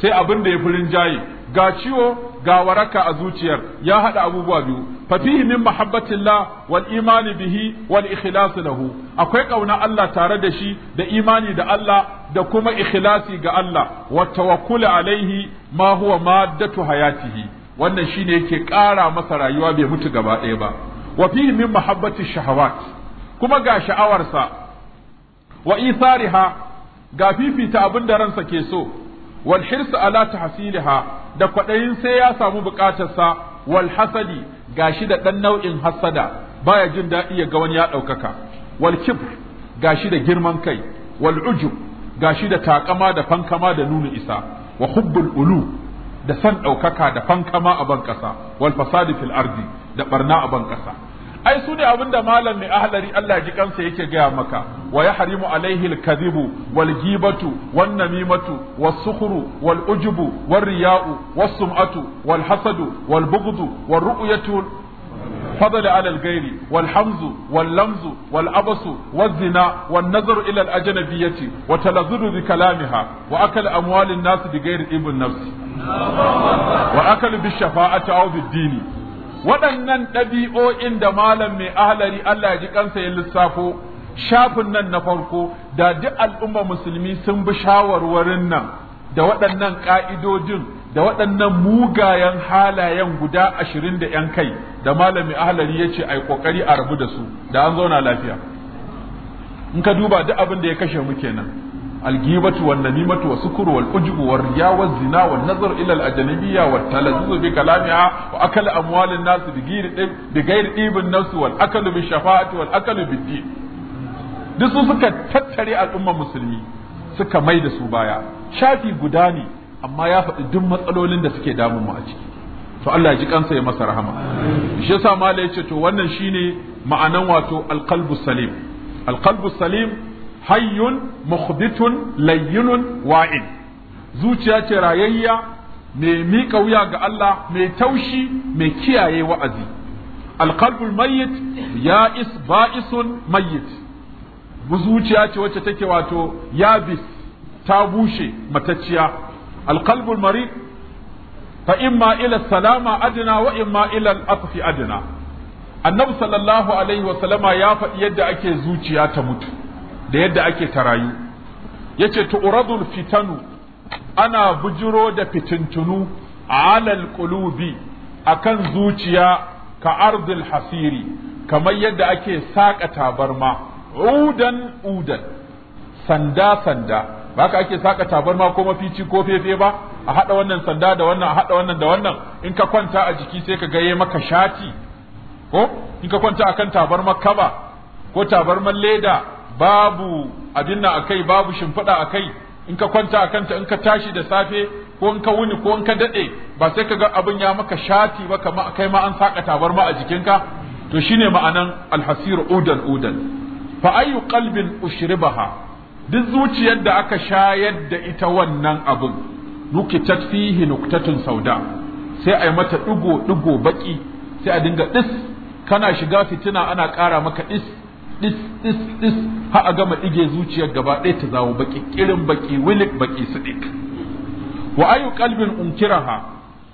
sai abin da ya furin jayi ga ciwo ga waraka a zuciyar ya haɗa abubuwa biyu fa fihi min mahabbatillah wal imani bihi wal ikhlas lahu akwai kauna Allah tare da shi da imani da Allah da kuma ikhlasi ga Allah wa tawakkul alaihi ma huwa maddatu hayatihi wannan shine yake ƙara masa rayuwa bai mutu gaba ɗaya ba wa fihi min mahabbati shahawat kuma ga sha'awarsa wa isariha ga fifita abin da ransa ke so wal hirsu ala tahsiliha da kwaɗayin sai ya samu buƙatarsa wal hasadi gashi da ɗan nau'in hasada baya jin daɗi ya ga wani ya ɗaukaka wal kibr gashi da girman kai wal ujub gashi da takama da fankama da nuna isa wa hubbul ulu da san ɗaukaka da fankama a ban ƙasa wal fasadi fil ardi da ɓarna a ban ƙasa ai su ne abin da malam mai ahlari Allah ji kansa yake gaya maka wa ya harimu alaihi alkadhibu wal gibatu wan namimatu was sukhru wal ujubu war riya'u was sum'atu wal hasadu wal bughdu war ru'yatu فضل على الغير والحمز واللمز والأبس والزنا والنظر إلى الأجنبية وتلذذ بكلامها وأكل أموال الناس بغير ابن نفس وأكل بالشفاعة أو بالدين waɗannan ɗabi'o'in da malam mai ahlari Allah ya ji kansa ya lissafo shafin nan na farko da duk al'umma musulmi sun bi shawarwarin nan da waɗannan ƙa'idojin da waɗannan mugayen halayen guda ashirin da ‘yan kai da malami ahalari ya ce ai ƙoƙari a rabu da su da an zauna lafiya in ka duba duk abin da ya kashe mu kenan الجيبة والنميمة wa والأجب والرياء والزنا والنظر إلى الأجنبية والتلذذ بكلامها وأكل أموال الناس بغير بغير bi النفس والأكل akalu bi din. duk su suka tattare al'umman musulmi suka mai da su baya shafi guda ne amma ya faɗi duk matsalolin da suke damun mu a ciki to Allah ya ji kansa ya masa rahama shi yasa ya ce to wannan shine ma'anan wato Al-Qalbu salim Al-Qalbu salim hayyun muhditun layyinun wa'in zuciya ce rayayya mai miƙa wuya ga Allah mai taushi mai kiyaye wa'azi alqalbul mayyit ya ba'isun mayyit zuciya ce wacce take wato yabis ta bushe matacciya alqalbul marid fa imma ila salama adna wa imma ila al-atfi adna annabi sallallahu alaihi wa sallama ya faɗi yadda ake zuciya ta mutu da yadda ake ta tarayu yace tu'radul fitanu ana bujiro da fitintunu alal qulubi akan zuciya ka ardil hasiri kamar yadda ake saƙa tabarma udan udan sanda sanda ba ka ake saƙa tabarma ko mafici ko fefe ba a haɗa wannan sanda da wannan a haɗa wannan da wannan in ka kwanta a jiki sai ka gaye maka shati ko in ka kwanta akan tabarmar kaba ko tabarmar leda babu abin nan akai babu shimfiɗa akai in ka kwanta a kanta in ka tashi da safe ko in ka wuni ko in ka daɗe ba sai ka ga abin ya maka shati ba kama kai ma an saka tabar ma a jikinka to shine ma'anan alhasir udan udan fa ayu qalbin ushribaha duk zuciyar da aka shayar da ita wannan abin nukitat fihi nuktatun sauda sai ai mata ɗigo ɗigo baki sai a dinga ɗis kana shiga fitina ana ƙara maka ɗis dis dis dis ha a gama ɗige zuciyar gaba ɗaya ta zawo baki kirin baki wilik baki sidik wa ayu qalbin unkiraha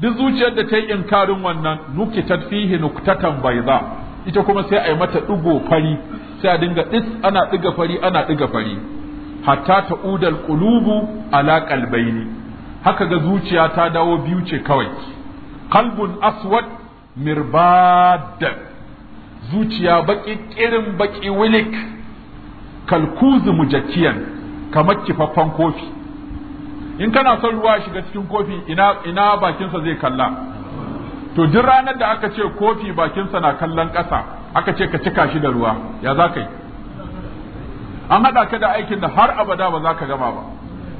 duk zuciyar da ta yi inkarin wannan nukitat fihi nuktatan bayda ita kuma sai a yi mata ɗigo fari sai a dinga dis ana ɗiga fari ana ɗiga fari hatta ta udal qulubu ala qalbaini haka ga zuciya ta dawo biyu ce kawai qalbun aswad mirbaddan zuciya baki kirin baki wilik kalkuzu mujakkiyan kamar kifaffan kofi in kana son ruwa shiga cikin kofi ina ina bakinsa zai kalla to duk ranar da aka ce kofi bakinsa na kallon ƙasa aka ce ka cika shi da ruwa ya za ka yi an haɗa ka da aikin da har abada ba za ka gama ba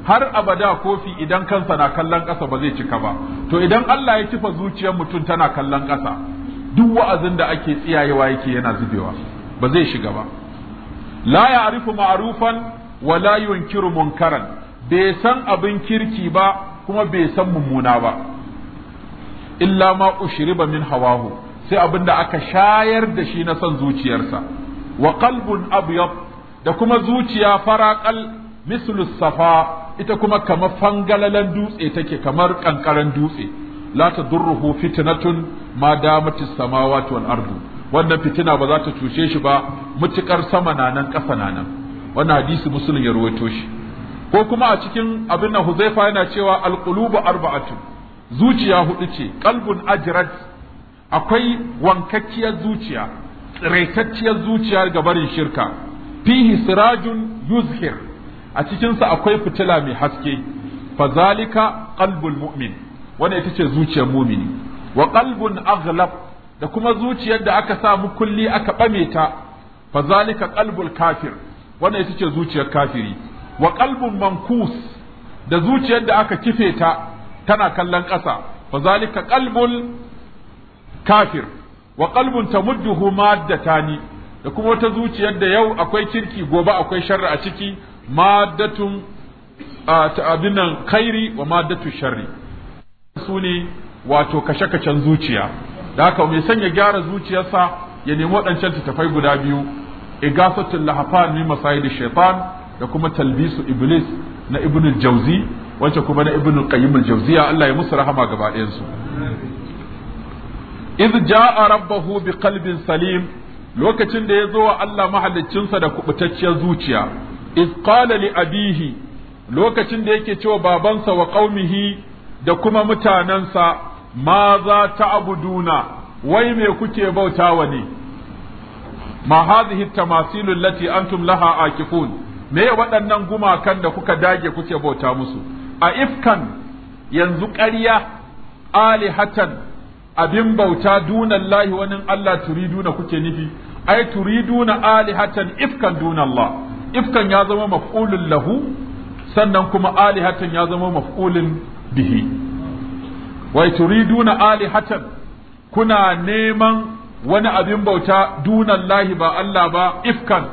har abada kofi idan kansa na kallon ƙasa ba zai cika ba to idan Allah ya kifa zuciyar mutum tana kallon ƙasa duk wa'azin da ake tsiyayewa yake yana zubewa ba zai shiga ba la ya'rifu ma'rufan wa la yunkiru munkaran bai san abin kirki ba kuma bai san mummuna ba illa ma ushriba min hawahu sai abin da aka shayar da shi na son zuciyarsa wa qalbun abyad da kuma zuciya faraqal mislu safa ita kuma kamar fangalalan dutse take kamar kankaran dutse la tadurruhu fitnatun ma damatis samawati wal ardu wannan fitina ba za ta cuce shi ba mutukar sama na nan ƙasa na nan wannan hadisi muslim ya rawaito shi ko kuma a cikin abin nan huzaifa yana cewa alqulubu arba'atu zuciya hudu ce qalbun ajrat akwai wankakkiyar zuciya tsiraitacciyar zuciya ga barin shirka fihi sirajun yuzhir a cikinsa akwai fitila mai haske fazalika qalbul mu'min wannan ita ce zuciyar mumini wa qalbun aghlab da kuma zuciyar da aka sa mukulli aka bame ta fa zalika qalbul kafir wannan ita ce zuciyar kafiri wa qalbun mankus da zuciyar da aka kife ta tana kallon ƙasa fa zalika qalbul kafir wa qalbun tamudduhu maddatani da kuma wata zuciyar da yau akwai kirki gobe akwai sharri a ciki maddatun ta'abinan khairi wa maddatu sharri su ne wato kashe-kashen zuciya da haka mai sanya gyara zuciyarsa ya nemi waɗancan tafai guda biyu igasatul lahafan min masayid shaitan da kuma talbisu iblis na ibnu jauzi wacce kuma na ibnu qayyim al-jawziya Allah ya musu rahama gaba ɗayan su idh jaa rabbahu qalbin salim lokacin da ya zo wa Allah mahaliccinsa da kubutacciyar zuciya iz qala li abihi lokacin da yake cewa babansa wa qaumihi da kuma mutanansa ma za ta abuduna wai me kuke bautawa ne ma hadhihi tamasilu allati antum laha akifun me waɗannan gumakan da kuka dage kuke bauta musu a ifkan yanzu ƙarya alihatan abin bauta dunallahi wani Allah turiduna kuke nufi ai turiduna alihatan ifkan dunallah ifkan ya zama maf'ulun lahu sannan kuma alihatan ya zama maf'ulun bihi wai turiduna alihatan kuna neman wani abin bauta lahi ba Allah ba ifkan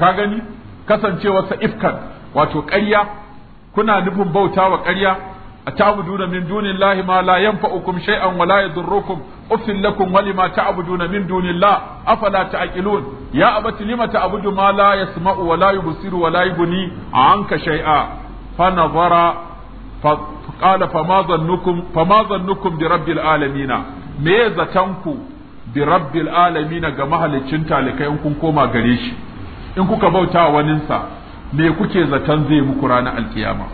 ka gani kasancewarsa ifkan wato ƙarya kuna nufin bauta wa ƙarya atabuduna min dunillahi ma la yanfa'ukum shay'an wa la yadurrukum uffil lakum wa lima ta'buduna min dunillah afala ta'qilun ya abati lima ta'budu ma la yasma'u wa la yubsiru wa la yughni anka shay'a fa nazara qala fama zannukum fama zannukum bi rabbil alamin me zatanku bi rabbil alamin ga mahalicin talikai kun koma gare shi in kuka bauta waninsa me kuke zatan zai muku rana alkiyama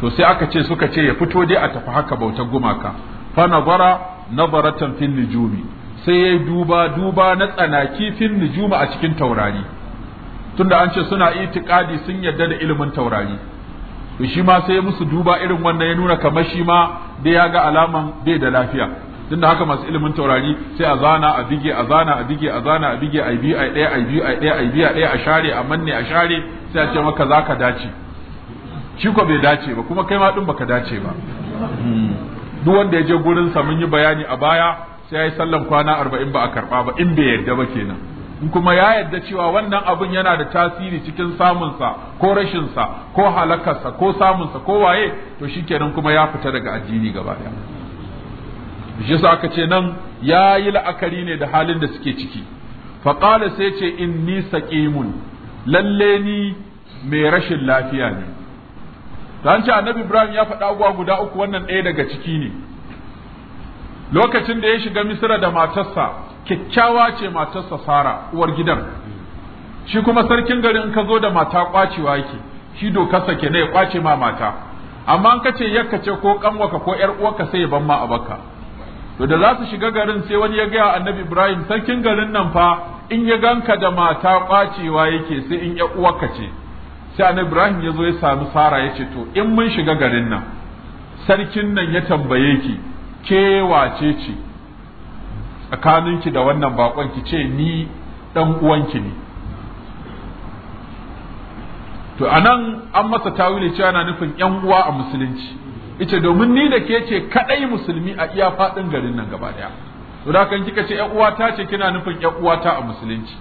to sai aka ce suka ce ya fito dai a tafi haka bauta gumaka fa nazara nazaratan fil nujumi sai ya duba duba na tsanaki fil nujuma a cikin taurari tunda an ce suna itikadi sun yarda da ilimin taurari to shi ma sai musu duba irin wannan ya nuna kamar shi ma da ya ga alaman bai da lafiya tunda haka masu ilimin taurari sai a zana a bige a zana a bige a zana a bige a biyu a ɗaya a biyu a ɗaya a biyu a ɗaya a share a manne a share sai a ce maka za ka dace shi ko bai dace ba kuma kai ma ɗin baka dace ba duk wanda ya je gurinsa mun yi bayani a baya sai ya yi sallan kwana arba'in ba a karɓa ba in bai yarda ba kenan in kuma ya yadda cewa wannan abun yana da tasiri cikin samunsa ko rashinsa ko halakarsa ko samunsa ko waye to shi shikenan kuma ya fita daga addini gaba ɗaya shi yasa aka ce nan ya yi la'akari ne da halin da suke ciki faƙala sai ce in ni saƙimun lalle ni mai rashin lafiya ne ta ce annabi ibrahim ya faɗa abubuwa guda uku wannan ɗaya daga ciki ne lokacin da ya shiga misira da matarsa kyakkyawa ce matarsa Sara uwar gidan shi kuma sarkin garin in ka zo da mata kwacewa yake shi dokarsa ke ne ya kwace ma mata amma kace kace yakka ce ko kanwaka ko yar uwarka sai ya ban ma abaka to da za su shiga garin sai wani ya gaya annabi Ibrahim sarkin garin nan fa in ya ganka da mata kwacewa yake sai in yar uwarka ce sai annabi Ibrahim ya zo ya sami Sara ya ce to in mun shiga garin nan sarkin nan ya tambaye ki ke wace ce tsakaninki da wannan bakon ki ce ni dan uwanki ne to anan an masa tawili cewa yana nufin yan uwa a musulunci ita domin ni da ke ce kadai musulmi a iya fadin garin nan gaba daya to da kan kika ce yan uwa ta ce kina nufin yan uwa ta a musulunci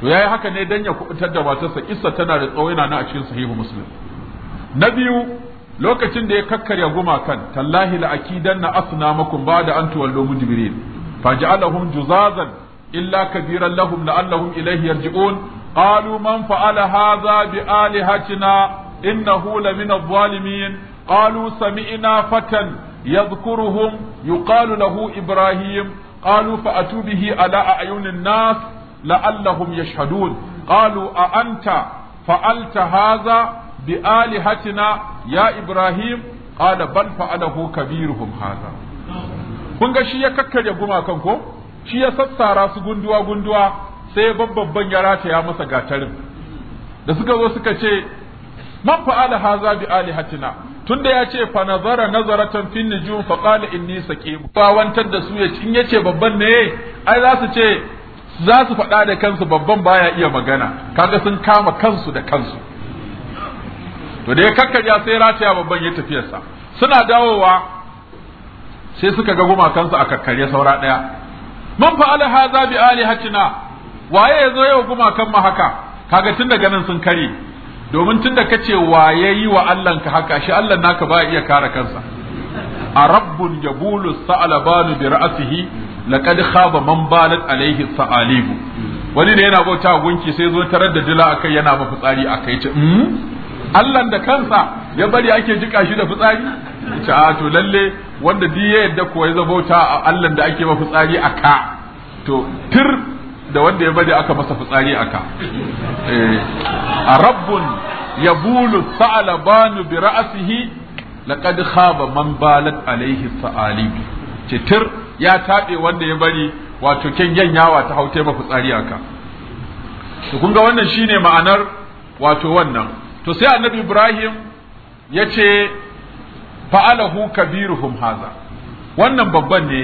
to yayi haka ne dan ya kubutar da matarsa kissa tana da tsawo yana na a cikin sahihu muslim na biyu lokacin da ya kakkarya gumakan tallahi la akidanna asnamakum ba'da an tuwallu mudbirin faj'alahum juzazan illa kabiran lahum la'allahum ilayhi yarji'un qalu man fa'ala hadha bi alihatina innahu lamin adh-dhalimin qalu sami'na fatan yadhkuruhum yuqalu lahu ibrahim قالوا فأتوا به على أعين الناس لعلهم يشهدون قالوا أأنت فعلت هذا bi hatina ya ibrahim qala bal fa'alahu kabiruhum kun ga shi ya kakkarya gumakan ko shi ya sassara su gunduwa gunduwa sai ya babban ya rataya masa gatarin da suka zo suka ce man fa'ala hadha bi alihatina tunda ya ce fa nazara nazaratan fin nujum fa qala inni saqim bawantar da su ya in yace babban ne ai za su ce za su faɗa da kansu babban baya iya magana kaga sun kama kansu da kansu to da ya kakkaja sai rataya babban ya tafiyarsa suna dawowa sai suka ga gumakansu a kakkare saura ɗaya man alaha za bi alihatina waye yazo yau gumakan mu haka kaga tun daga nan sun kare domin tun da kace waye yi wa Allah ka haka shi Allah naka ba iya kare kansa a rabbun yabulu sa'alabanu bi ra'sihi laqad khaba man balat alaihi sa'alibu wani ne yana bauta gunki sai zo tarar da dila akai yana mafitsari akai ce hmm? Allah da kansa ya bari ake jika shi da fitsari ce a to lalle wanda duk ya yadda kuwa ya wuta a Allah da ake ma fitsari a ka to tir da wanda ya bari aka masa fitsari a ka eh, a rabbun yabulu sa'alabanu bi ra'sihi laqad khaba man balat alaihi sa'alib ce tir ya tabe wanda ya bari wato ken yanyawa ta haute ma fitsari aka. ka to kun ga wannan shine ma'anar wato wannan to sai annabi ibrahim ya ce fa'alahu kabiruhum haza wannan babban ne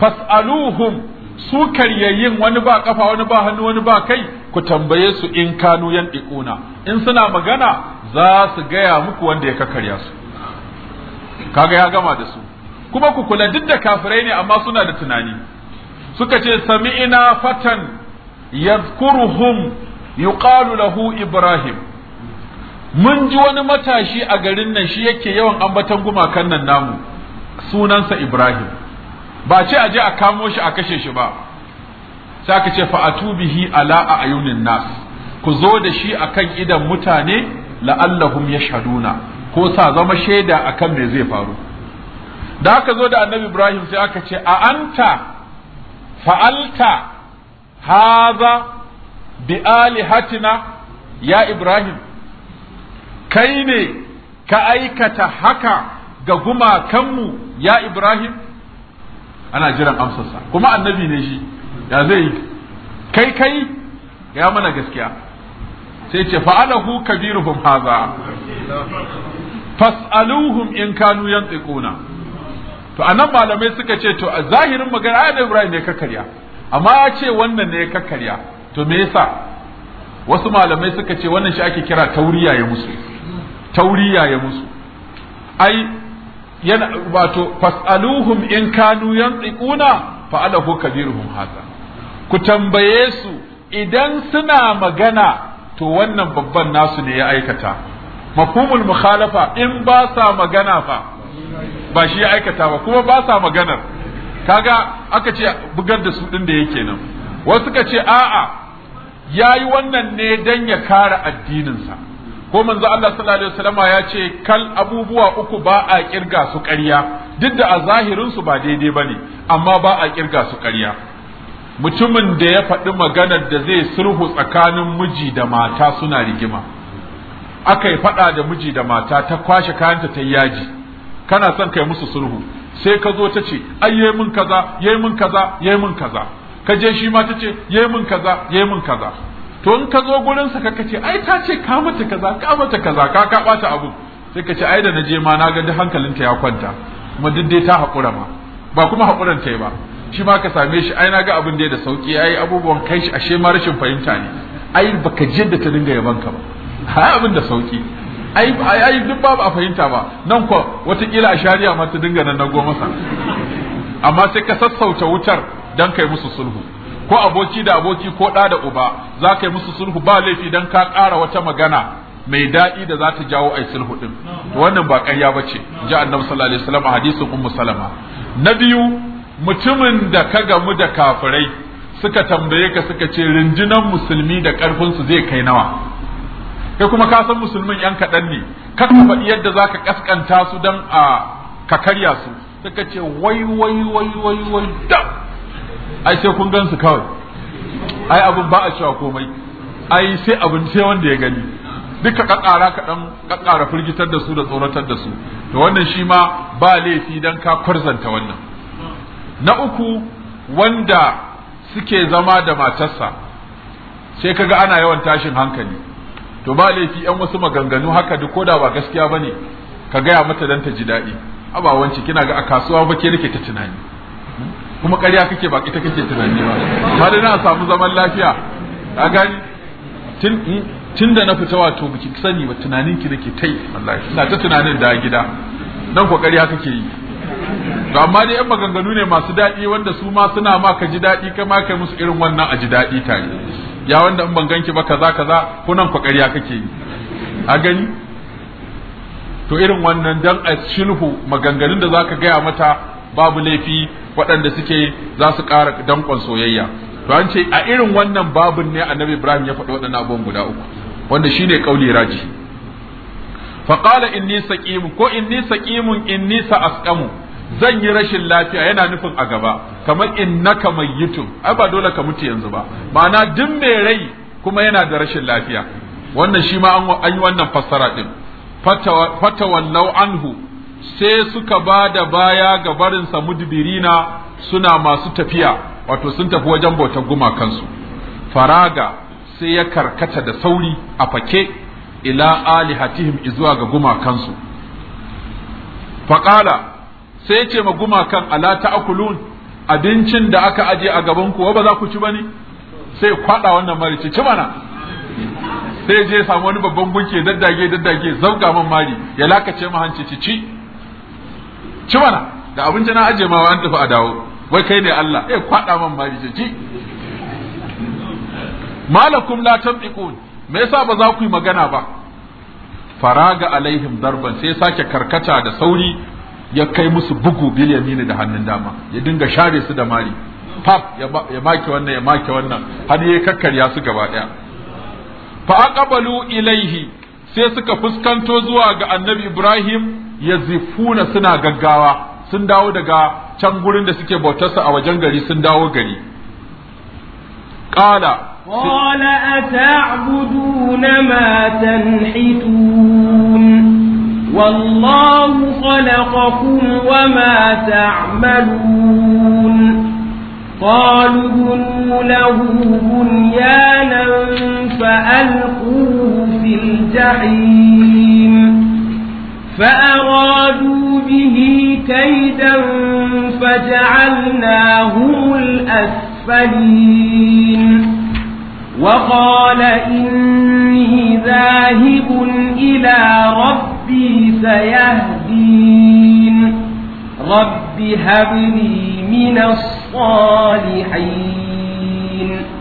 fas'aluhum su karyayin wani ba kafa wani ba hannu wani ba kai ku tambaye su in kanu yan ikuna in suna magana za su gaya muku wanda ya kakarya su kaga ya gama da su kuma ku kula duk da kafirai ne amma suna da tunani suka ce sami'ina fatan yadhkuruhum yuqalu lahu ibrahim mun ji wani matashi a garin nan shi yake yawan ambatan gumakan nan namu sunansa Ibrahim ba ce a je a kamo shi a kashe shi ba sai aka ce fa'atu bihi ala a ayunin nas ku zo da shi akan idan mutane la'allahum yashhaduna ko sa zama shaida akan me zai faru da aka zo da annabi Ibrahim sai aka ce a anta fa'alta haza bi alihatina ya Ibrahim kai ne ka aikata haka ga gumakanmu ya Ibrahim ana jiran amsarsa kuma annabi ne shi ya zai yi kai kai ya mana gaskiya sai ce fa'alahu kabiruhum haza fas'aluhum in kanu yantiquna to anan malamai suka ce to a zahirin magana ayat Ibrahim ne ka karya amma ya ce wannan ne ka karya to me yasa wasu malamai suka ce wannan shi ake kira tauriya ya musu Tauriya ya musu ai yana wato fasaluhum in kanu yantiquna fa alahu kabiruhum haza. ku tambaye su idan suna magana to wannan babban nasu ne ya aikata mafhumul mukhalafa in ba sa magana fa ba shi ya aikata ba kuma ba sa maganar kaga aka ce bugar da su din da yake nan wasu ka ce a'a yayi wannan ne dan ya kare addininsa ko manzo Allah sallallahu alaihi wasallama ya ce kal abubuwa uku ba a kirga su ƙarya duk da a zahirin su ba daidai bane amma ba a kirga su ƙarya mutumin da ya faɗi maganar da zai sulhu tsakanin miji da mata suna rigima aka yi faɗa da miji da mata ta kwashe kayanta ta yaji kana son kai musu sulhu sai ka zo ta ce ai yayi min kaza yayi min kaza yayi min kaza ka je shi ma ta ce yayi min kaza yayi min kaza to in ka zo gurin sa ka ce ai ta ce ka mata kaza ka mata kaza ka ka bata abu sai ka ce ai da naje ma na ga duk hankalinta ya kwanta kuma duk dai ta haƙura ma ba kuma hakuran ta yi ba shi ma ka same shi ai na ga abin da ya da sauki ai abubuwan kai shi ashe ma rashin fahimta ne ai baka ji da ta dinga yaban ka ba ai abin da sauki ai ai duk babu a fahimta ba nan ko watakila a shari'a ma ta dinga nan na goma sa amma sai ka sassauta wutar dan kai musu sulhu ko aboki da aboki ko ɗa da uba za ka yi musu sulhu ba laifi dan ka ƙara wata magana mai daɗi da za ta jawo ai sulhu ɗin wannan ba ƙarya ba ce ji annabi sallallahu alaihi wasallam a hadisin ummu salama na biyu mutumin da ka gamu da kafirai suka tambaye ka suka ce rinjinan musulmi da ƙarfinsu zai kai nawa kai kuma ka san musulmin yan kaɗan ne ka faɗi yadda za ka ƙasƙanta su dan a ka karya su suka ce wai wai wai wai wai da ai sai kun gansu kawai ai abin ba a cewa komai ai sai abin sai wanda ya gani duka kakkara ka dan kakkara firgitar da su da tsoratar da su to wannan shi ma ba laifi dan ka kwarzanta wannan na uku wanda suke zama da matarsa sai kaga ana yawan tashin hankali to ba laifi yan wasu maganganu haka duk koda ba gaskiya bane ka gaya mata dan ta ji daɗi abawanci kina ga a kasuwa ba ke nake ta tunani kuma ƙarya kake ba ita kake tunani ba ba da na samu zaman lafiya a gani tun da na fita wato biki sani ba tunanin ki nake tai wallahi ina ta tunanin da gida dan ko ƙarya kake yi to amma dai yan maganganu ne masu daɗi wanda su ma suna ma ka ji daɗi kai ma kai musu irin wannan a ji daɗi tare ya wanda in ban ganki ba kaza kaza ko nan ko ƙarya kake yi a gani to irin wannan dan a shilhu maganganun da zaka gaya mata babu laifi waɗanda suke za su ƙara danƙon soyayya to an ce a irin wannan babun ne annabi ibrahim ya faɗi waɗannan abubuwan guda uku wanda shine kauli raji fa qala inni saqim ko inni saqimun inni sa'asqamu zan yi rashin lafiya yana nufin a gaba kamar innaka mayyitu ai ba dole ka mutu yanzu ba ma'ana duk mai rai kuma yana da rashin lafiya wannan shi ma an yi wannan fassara din fatawa fatawa anhu sai suka ba da baya ga barinsa mudbirina suna masu tafiya wato sun tafi wajen bautar gumakansu faraga sai ya karkata da sauri a fake ila alihatihim izuwa ga gumakansu faƙala sai ce ma gumakan ala ta'kulun abincin da aka aje a gaban ku ba za ku ci bane sai kwada wannan mari ci mana sai je samu wani babban gunke daddage daddage zauka man mari ya lakace mu hanci ci ci ci mana da abinci na ajiye ma an tafi a dawo wai kai ne Allah eh kwada man ma ji ci malakum la tamtiqun me yasa ba za ku yi magana ba faraga alaihim darban sai sake karkata da sauri ya kai musu bugu biliyami ne da hannun dama ya dinga share su da mari Pap ya make wannan ya make wannan har ya kakkarya su gaba daya fa aqbalu ilaihi sai suka fuskanto zuwa ga annabi Ibrahim yazifuna suna gaggawa sun dawo daga can gurin da suke bautarsa a wajen gari sun dawo gari ƙala Kola a ta'budu na matan hitun wallahu khalaqakum wa ma ta'malun قالوا ابنوا yanan بنيانا فألقوه في فأرادوا به كيدا فجعلناهم الأسفلين وقال إني ذاهب إلى ربي سيهدين رب هب لي من الصالحين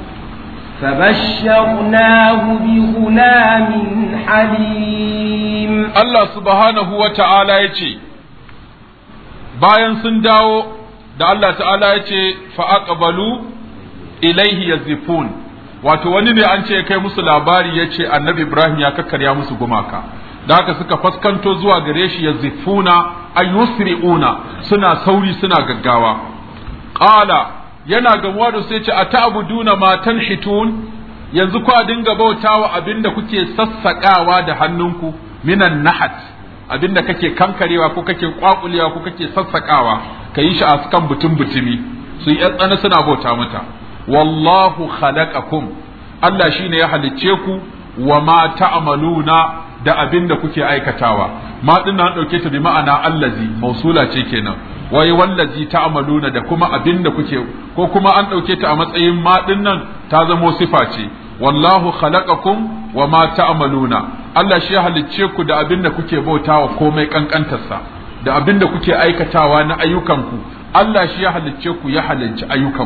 فبشرناه بغلام حليم الله سبحانه وتعالى يتي bayan sun dawo da Allah ta'ala ya ce fa'aqbalu ilaihi yazifun wato wani ne an ce ya kai musu labari ya ce annabi Ibrahim ya kakkarya musu gumaka da haka suka faskanto zuwa gare shi yazifuna ayusri'una suna sauri suna gaggawa ƙala. yana gamuwa da sai ce a ta'buduna matan tanhitun yanzu ku a dinga bauta bautawa abinda kuke sassaƙawa da hannunku minan nahat abinda kake kankarewa ko kake kwakulewa ko kake sassaƙawa. ka yi shi a kan butun butumi su yi tsana suna bauta mata wallahu khalaqakum Allah shine ya halicce ku wa ma ta'maluna da abinda kuke aikatawa ma dinnan dauke ta bi ma'ana allazi mausula ce kenan wai wallazi ta'maluna da kuma abin da kuke ko kuma an ɗauke ta a matsayin ma nan ta zamo sifa ce wallahu khalaqakum wa ma ta'maluna Allah shi ya halicce ku da abin da kuke bautawa komai kankantarsa da abin da kuke aikatawa na ayyukan ku. Allah shi ya halicce ku ya halicci ku.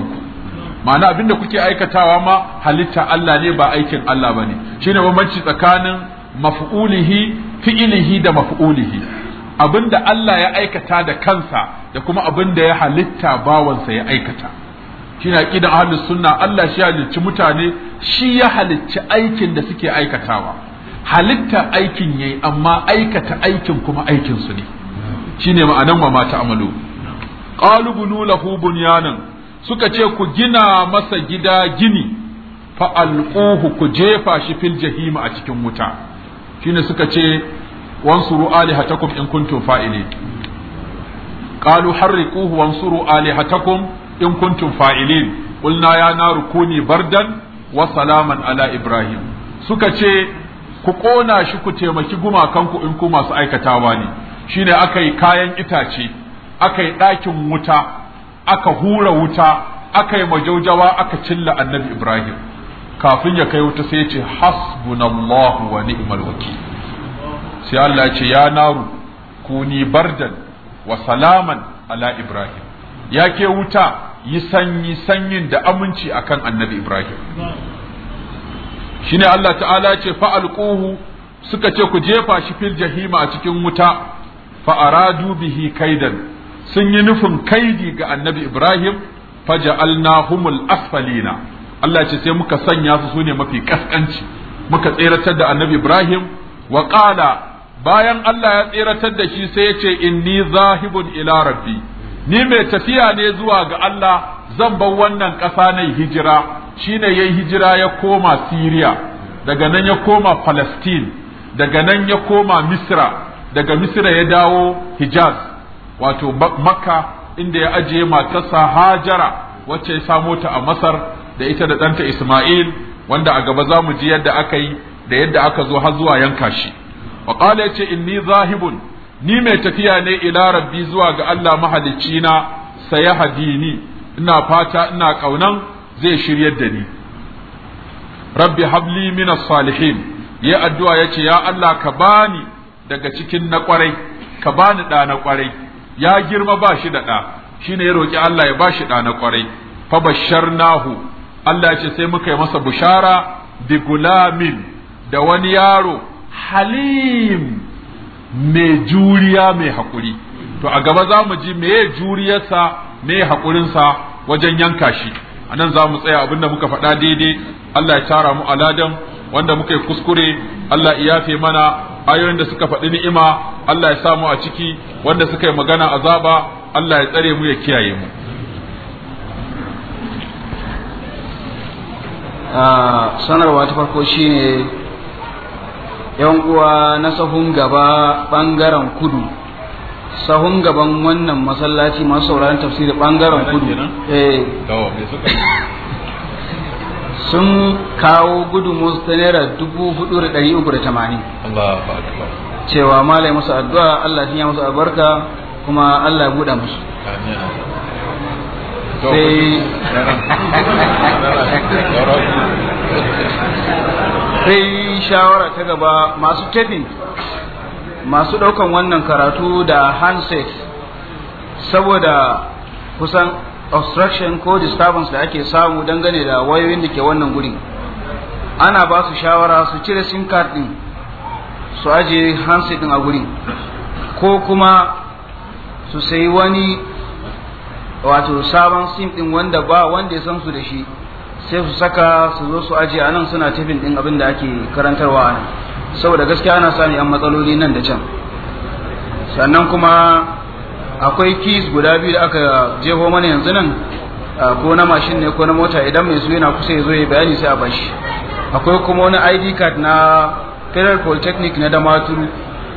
ma'ana abin da kuke aikatawa ma halitta Allah ne ba aikin Allah bane shine bambanci tsakanin maf'ulihi fi'ilihi da maf'ulihi abinda Allah ya aikata da kansa da kuma abin da ya halitta bawansa ya aikata Shi na aqidan ahlus sunna Allah shi halicci mutane shi ya halicci aikin da suke aikatawa halitta aikin yayi amma aikata aikin kuma aikin su ne shine ma'anan wa mata amalu qalu bunu lahu bunyanan suka ce ku gina masa gida gini fa alquhu ku jefa shi fil jahima a cikin wuta shine suka ce wansuru alihatakum in kuntum fa'ilin qalu harriquhu wansuru alihatakum in kuntum fa'ilin qulna ya naru kuni bardan wa salaman ala ibrahim suka ce ku ƙona shi ku taimaki gumakanku in ku masu aikatawa ne shine aka yi kayan itace aka yi ɗakin wuta aka hura wuta aka yi majaujawa aka cilla annabi ibrahim kafin ya kai wuta sai ya ce hasbunallahu wa ni'mal wakil sai ya ce ya kuni bardan wa salaman ala ibrahim ya ke wuta yi sanyi sanyin da aminci akan annabi ibrahim shine Allah ta'ala ce fa'alquhu suka ce ku jefa shi fil jahima a cikin wuta fa'aradu bihi kaidan sun yi nufin kaidi ga annabi ibrahim faja'alnahumul asfalina Allah ce sai muka sanya su sune mafi kaskanci muka tseratar da annabi ibrahim wa qala bayan Allah ya tseratar da shi sai ya ce inni zahibun ila rabbi ni mai tafiya ne zuwa ga Allah zan bar wannan ƙasa na hijira shine yayi hijira ya koma Syria daga nan ya koma Palestine daga nan ya koma Misra daga Misra ya dawo Hijaz wato Makka inda ya ajiye matarsa Hajara wacce ya samo ta a Masar da ita da ɗanta Ismail wanda a gaba za mu ji yadda aka yi da yadda aka zo har zuwa yanka shi wa qala yace inni zahibun ni mai tafiya ne ila rabbi zuwa ga Allah mahalicci na saya hadini ina fata ina kaunan zai shiryar da ni rabbi habli min salihin ya addu'a yace ya Allah ka bani daga cikin na kwarai ka bani da na kwarai ya girma ba shi da da shine ya roki Allah ya bashi da na kwarai fa basharnahu Allah ya ce sai muka yi masa bushara bi gulamin da wani yaro halim mai juriya mai hakuri? to a gaba za mu ji meye juriyarsa me haƙurinsa wajen yanka shi a nan za mu tsaya abinda muka faɗa daidai Allah ya tara mu aladan wanda muka yi kuskure Allah ya yafe mana ayoyin da suka faɗi ni'ima Allah ya samu a ciki wanda suka yi magana azaba Allah ya tsare mu ya kiyaye mu ah, sanarwa ta farko shine yan uwa na sahun gaba bangaren kudu sahun gaban wannan masallaci masu sauraron tafsiri bangaren kudu eh. sun kawo musu ta naira dubu hudu da dari uku da tamanin cewa malai musu addu'a Allah ya musu albarka kuma Allah ya buɗa musu sai sai shawara ta gaba masu tafin masu ɗaukan wannan karatu da handset saboda kusan obstruction ko disturbance da ake samu dangane da wayoyin da ke wannan guri ana ba su shawara su cire sim card din su ajiye handset din a gurin ko kuma su sayi wani wato sabon sim din wanda ba wanda ya san su da shi sai su saka su zo su ajiye anan suna tafin din abin da ake karantarwa nan saboda gaskiya ana sami yan matsaloli nan da can sannan kuma akwai keys guda biyu da aka jeho mana yanzu nan ko na mashin ne ko na mota idan mai su yana kusa ya zo ya bayani sai a bashi akwai kuma wani id card na federal polytechnic na damaturu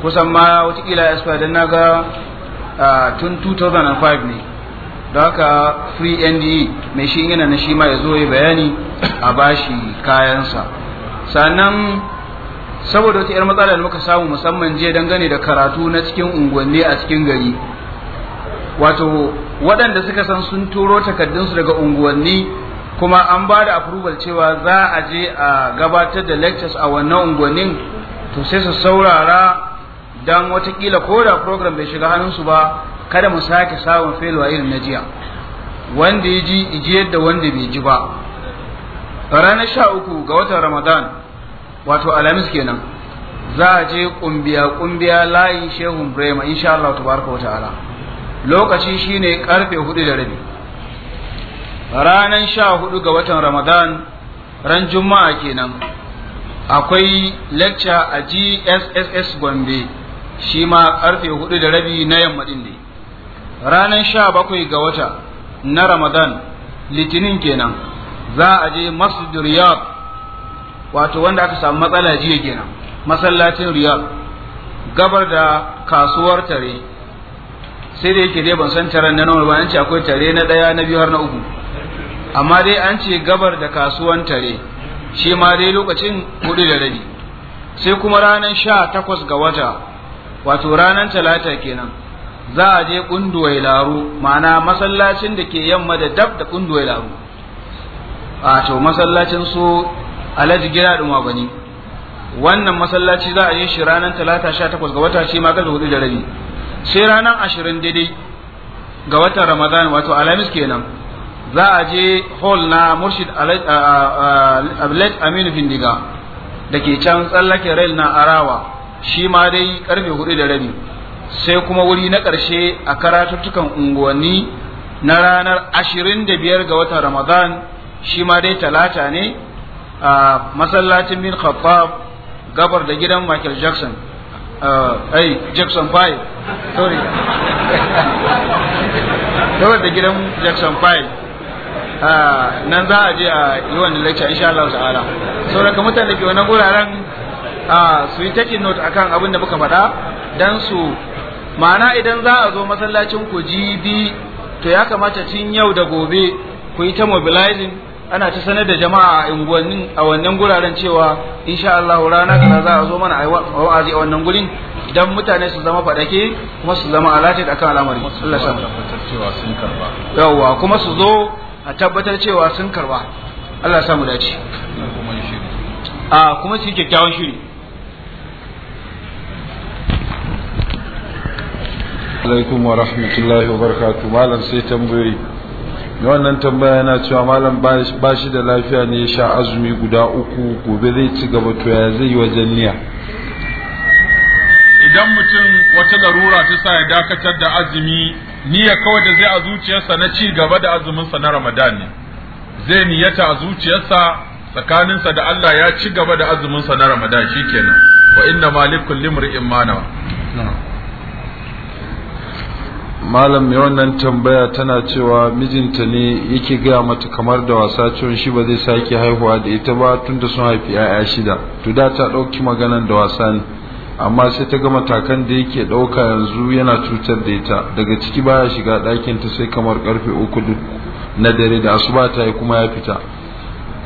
kusan ma watakila expire don na ga tun 2005 ne da haka free nde mai shi yana na shi ma ya zo ya bayani a bashi kayansa sannan saboda wata 'yar matsala da muka samu musamman je dangane da karatu na cikin unguwanni a cikin gari wato waɗanda suka san sun turo takardunsu daga unguwanni kuma an ba da approval cewa za a je a gabatar da lectures a wannan unguwannin to sai su saurara dan watakila ko da program bai shiga hannunsu ba kada mu sake samun failure irin na jiya wanda ya ji ijiyar yadda wanda bai ji ba ranar sha uku ga watan ramadan wato alhamis kenan za a je kumbiya kumbiya layin shehun brema insha Allah tabaraka wa ta'ala lokaci shine karfe hudu da rabi ranar sha hudu ga watan ramadan ran juma'a kenan akwai lecture a GSSS Gombe shi ma karfe hudu da rabi na yamma din ne ranar sha bakwai ga wata na ramadan litinin kenan za a je masjid riyad wato wanda aka samu matsala jiya kenan masallacin riyad gabar da kasuwar tare sai da yake dai ban san taren na nawa ba an ce akwai tare na daya na biyu har na uku amma dai an ce gabar da kasuwan tare shi ma dai lokacin hudu da rabi sai kuma ranar sha takwas ga wata wato ranar talata kenan za a je kunduwai laru ma'ana masallacin da ke yamma da dab da kunduwai laru a to masallacin su alhaji gida ɗuma bani wannan masallaci za a yi shi ranar talata sha takwas ga wata shi ma gaza hudu da rabi sai ranar ashirin daidai ga watan ramadan wato alamis kenan za a je hall na murshid ablet aminu bindiga da ke can tsallake rail na arawa shi ma dai karfe hudu da rabi sai kuma wuri na ƙarshe a karatuttukan unguwanni na ranar ashirin da biyar ga watan ramadan shi ma dai talata ne a masallacin bin khattab gabar da gidan michael jackson ai jackson 5 sorry gabar da gidan jackson 5 nan za a je a yi wannan lecture insha Allah ta'ala saboda mutane ke wannan guraren su yi take note akan abin da muka faɗa dan su ma'ana idan za a zo masallacin ku jibi to ya kamata tun yau da gobe ku yi ta mobilizing ana ta sanar da jama'a a unguwannin a wannan guraren cewa insha Allah rana kaza za a zo mana a wa'azi a wannan gurin dan mutane su zama fadake kuma su zama da kan al'amari Allah ya tabbatar cewa sun karba yawa kuma su zo a tabbatar cewa sun karba Allah ya samu dace a kuma shi kyakkyawan shiri alaikum wa rahmatullahi wa barakatuh malam sai tambayoyi wannan tambaya yana cewa malam ba shi da lafiya ne ya sha azumi guda uku gobe zai ci gaba to ya zai yi wajen niya. idan mutum wata larura ta sa ya dakatar da azumi niyya kawai da zai a zuciyarsa na ci gaba da azuminsa na ramadan ne zai niyyata a zuciyarsa tsakaninsa da Allah ya ci gaba da azuminsa na ramadan shikenan wa inna malikul limri'in manawa malam mai wannan tambaya tana cewa mijinta ne yake gaya mata kamar da wasa cewa shi ba zai sake haihuwa da ita ba tun da sun haifi 'ya'ya shida to da ta ɗauki maganan da wasa ne amma sai ta ga matakan da yake ɗauka yanzu yana cutar da ita daga ciki baya shiga ta sai kamar karfe uku duk na dare da asuba ta yi kuma ya fita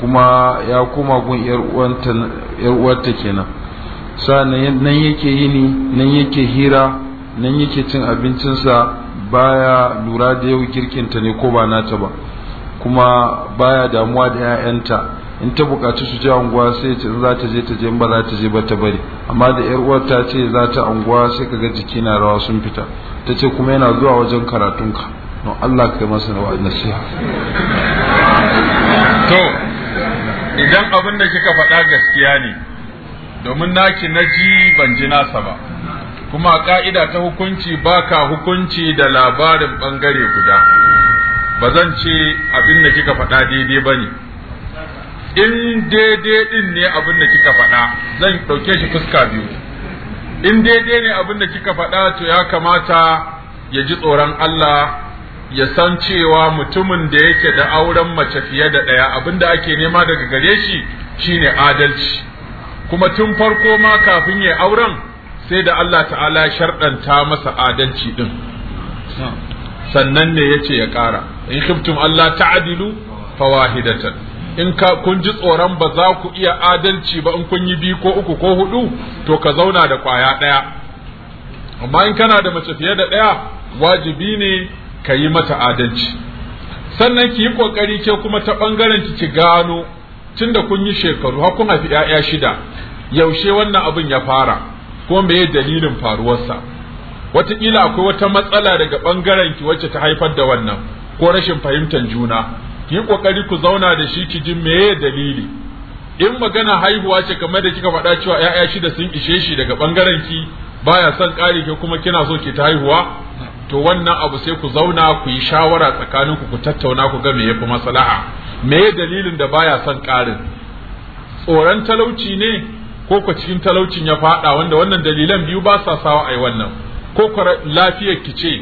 kuma ya koma gun yar uwarta kenan sa nan yake yini nan yake hira nan yake cin abincinsa baya lura da yau girkinta ne ko ba nata ba kuma baya damuwa da 'ya'yanta in ta bukaci su je anguwa sai ce za ta je ta je ba za ta je ba ta bari amma da yar uwar ta ce za ta anguwa sai kaga jiki na rawa sun fita ta ce kuma yana zuwa wajen karatunka don Allah ka yi masa na nasiha to idan abin da kika faɗa gaskiya ne domin naki na ji ban ji nasa ba kuma ka'ida ta hukunci baka hukunci da labarin bangare guda ba zan ce abin da kika faɗa daidai ba ne in daidai ɗin ne abin da kika faɗa zan ɗauke shi fuska biyu in daidai ne abin da kika faɗa to ya kamata ya ji tsoron Allah ya san cewa mutumin da yake da auren mace fiye da ɗaya abin da ake nema daga gare shi shine adalci kuma tun farko ma kafin ya auren sai da Allah ta'ala ya sharɗanta masa adalci din sannan ne yace ya ƙara in khiftum Allah ta'dilu fawahidatan in ka kun ji tsoron ba za ku iya adalci ba in kun yi biyu ko uku ko hudu to ka zauna da kwaya ɗaya amma in kana da mace fiye da ɗaya wajibi ne ka yi mata adalci sannan ki yi ƙoƙari ke kuma ta ɓangaren ki gano Tunda kun yi shekaru har kun haifi ‘ya'ya shida yaushe wannan abin ya fara ko meye dalilin faruwarsa watakila akwai wata matsala daga bangaren ki wacce ta haifar da wannan ko rashin fahimtar juna ki yi ƙoƙari ku zauna da shi ki ji meye dalili in magana haihuwa ce kamar da kika faɗa cewa ‘ya'ya shida sun ishe shi daga bangaren ki baya son ƙari ke kuma kina so ki ta haihuwa to wannan abu sai ku zauna ku yi shawara tsakaninku ku tattauna ku ga me yafi maslaha me dalilin da baya son ƙarin tsoron talauci ne ko ku cikin talaucin ya fada wanda wannan dalilan biyu ba sa sawa ai wannan ko lafiyar ki ce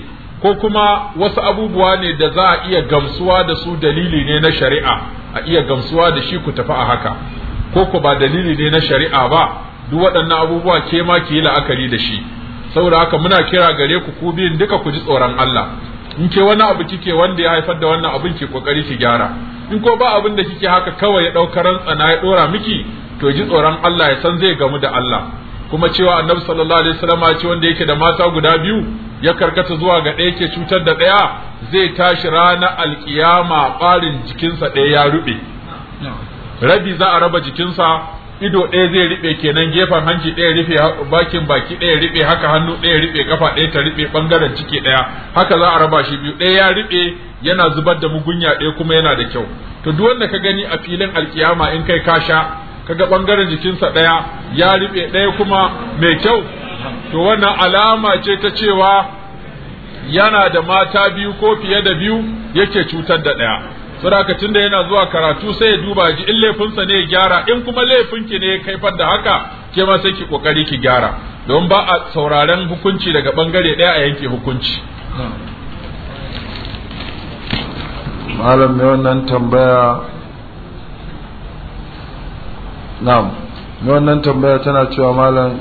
ko kuma wasu abubuwa ne da za a iya gamsuwa da su dalili ne na shari'a a iya gamsuwa da shi ku tafi a haka ko ku ba dalili ne na shari'a ba duk waɗannan abubuwa ke ma ki yi la'akari da shi saboda haka muna kira gare ku ku biyun duka ku ji tsoron Allah in ke wani abu kike wanda ya haifar da wannan abin ki kokari ki gyara in ko ba abin da kike haka kawai ya daukar rantsana ya ɗora miki to ji tsoron Allah ya san zai gamu da Allah kuma cewa annabi sallallahu alaihi wasallam ce wanda yake da mata guda biyu ya karkata zuwa ga ɗaya ke cutar da ɗaya zai tashi ranar alkiyama ɓarin jikinsa ɗaya ya ruɓe rabi za a raba jikinsa ido ɗaya zai riɓe kenan gefen hanci ɗaya rufe bakin baki ɗaya ruɓe haka hannu ɗaya ruɓe kafa ɗaya ta ruɓe ɓangaren ciki ɗaya haka za a raba shi biyu ɗaya ya ruɓe yana zubar da mugunya ɗaya kuma yana da kyau to duk wanda ka gani a filin alkiyama in kai ka sha kaga ɓangaren jikinsa ɗaya ya riɓe ɗaya kuma mai kyau to wannan alama ce ta cewa yana da mata biyu ko fiye da biyu yake cutar da ɗaya sadakacin da yana zuwa karatu sai ya duba ji in laifinsa ne ya gyara in kuma laifinki ne ya kaifar da haka ke ma sai ki kokari ki gyara don ba a sauraren hukunci daga bangare ɗaya a yanke hukunci malam ne wannan tambaya na'am na wannan tambaya tana cewa malam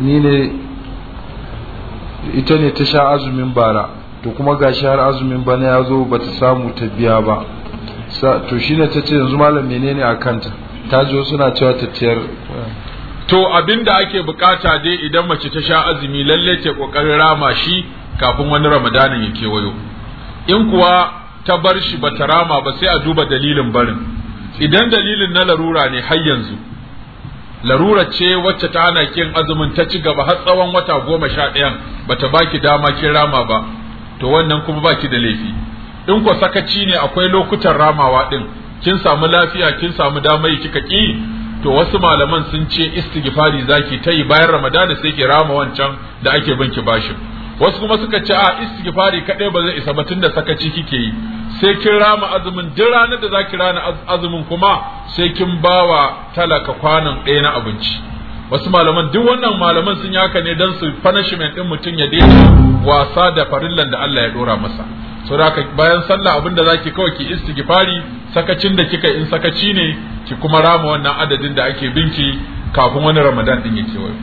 ni ne ita ne ta sha azumin bara to kuma gashi har azumin bana ya zo bata samu ta biya ba to shine ta ce yanzu malam menene a kanta ta zo suna cewa ta ciyar to abinda ake bukata dai idan mace ta sha azumi lalle ce kokarin rama shi kafin wani ramadanin ya kewayo in kuwa ta bar shi ba ta rama ba sai a duba dalilin barin idan dalilin na larura ne har yanzu larura ce wacce ta ana kin azumin ta ci gaba har tsawon wata goma sha ɗayan bata baki dama kin rama ba to wannan kuma baki da laifi in ko sakaci ne akwai lokutan ramawa ɗin. kin samu lafiya kin samu yi kika ki to wasu malaman sun ce istighfari zaki ta yi bayan ramadana sai ki rama wancan da ake binki bashin wasu kuma suka ce a istighfari kaɗai ba zai isa ba tunda sakaci kike yi sai kin rama azumin duk ranar da za ki rana azumin kuma sai kin bawa talaka kwanan ɗaya na abinci wasu malaman duk wannan malaman sun yaka ne don su punishment ɗin mutum ya daina wasa da farillan da Allah ya ɗora masa saboda bayan sallah abin da zaki kawai ki istighfari sakacin da kika in sakaci ne ki kuma rama wannan adadin da ake binki kafin wani ramadan ɗin ya kewayo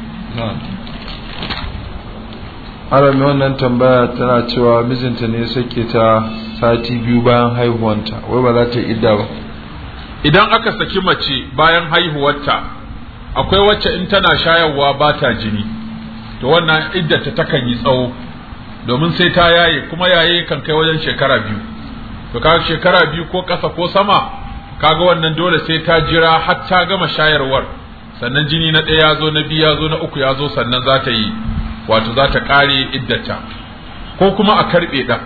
ara wannan tambaya tana cewa mijinta ne sake ta sati biyu bayan haihuwanta wai ba za ta yi idda ba idan aka saki mace bayan haihuwarta akwai wacce in tana shayarwa ba ta jini to wannan ta takan yi tsawo domin sai ta yaye kuma yaye kan kai wajen shekara biyu to ka shekara biyu ko kasa ko sama kaga wannan dole sai ta jira har ta gama shayarwar sannan jini na ɗaya ya zo na biyu ya zo na uku ya zo sannan za ta yi wato za ta kare iddata ko kuma a karbe dan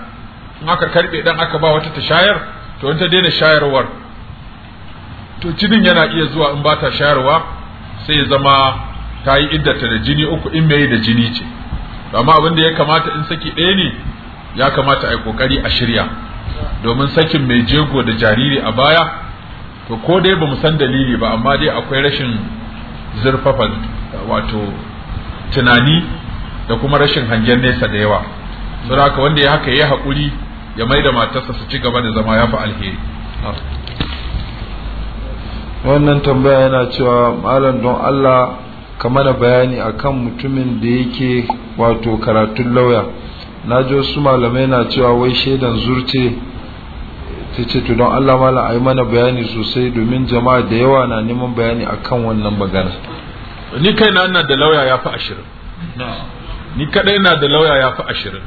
in aka karbe dan aka ba wata ta shayar to in ta daina shayarwar to jinin yana iya zuwa in ba ta shayarwa sai ya zama ta yi iddata da jini uku in mai da jini ce amma abin da ya kamata in saki ɗaya ne ya kamata a yi kokari a shirya domin sakin mai jego da jariri a baya to ko dai bamu san dalili ba amma dai akwai rashin zurfafa wato tunani da kuma rashin hangen nesa da yawa saboda haka wanda ya haka ya hakuri, ya mai da matarsa su ci gaba da zama ya fi alheri wannan tambaya yana cewa malam don Allah ka mana bayani akan mutumin da yake wato karatun lauya na ji wasu malamai na cewa wai shaidan zurce ce to don Allah malam a yi mana bayani sosai domin jama'a da yawa na neman bayani akan wannan magana ni kai na da lauya ya fi ashirin ni kadai na da lauya ya fi ashirin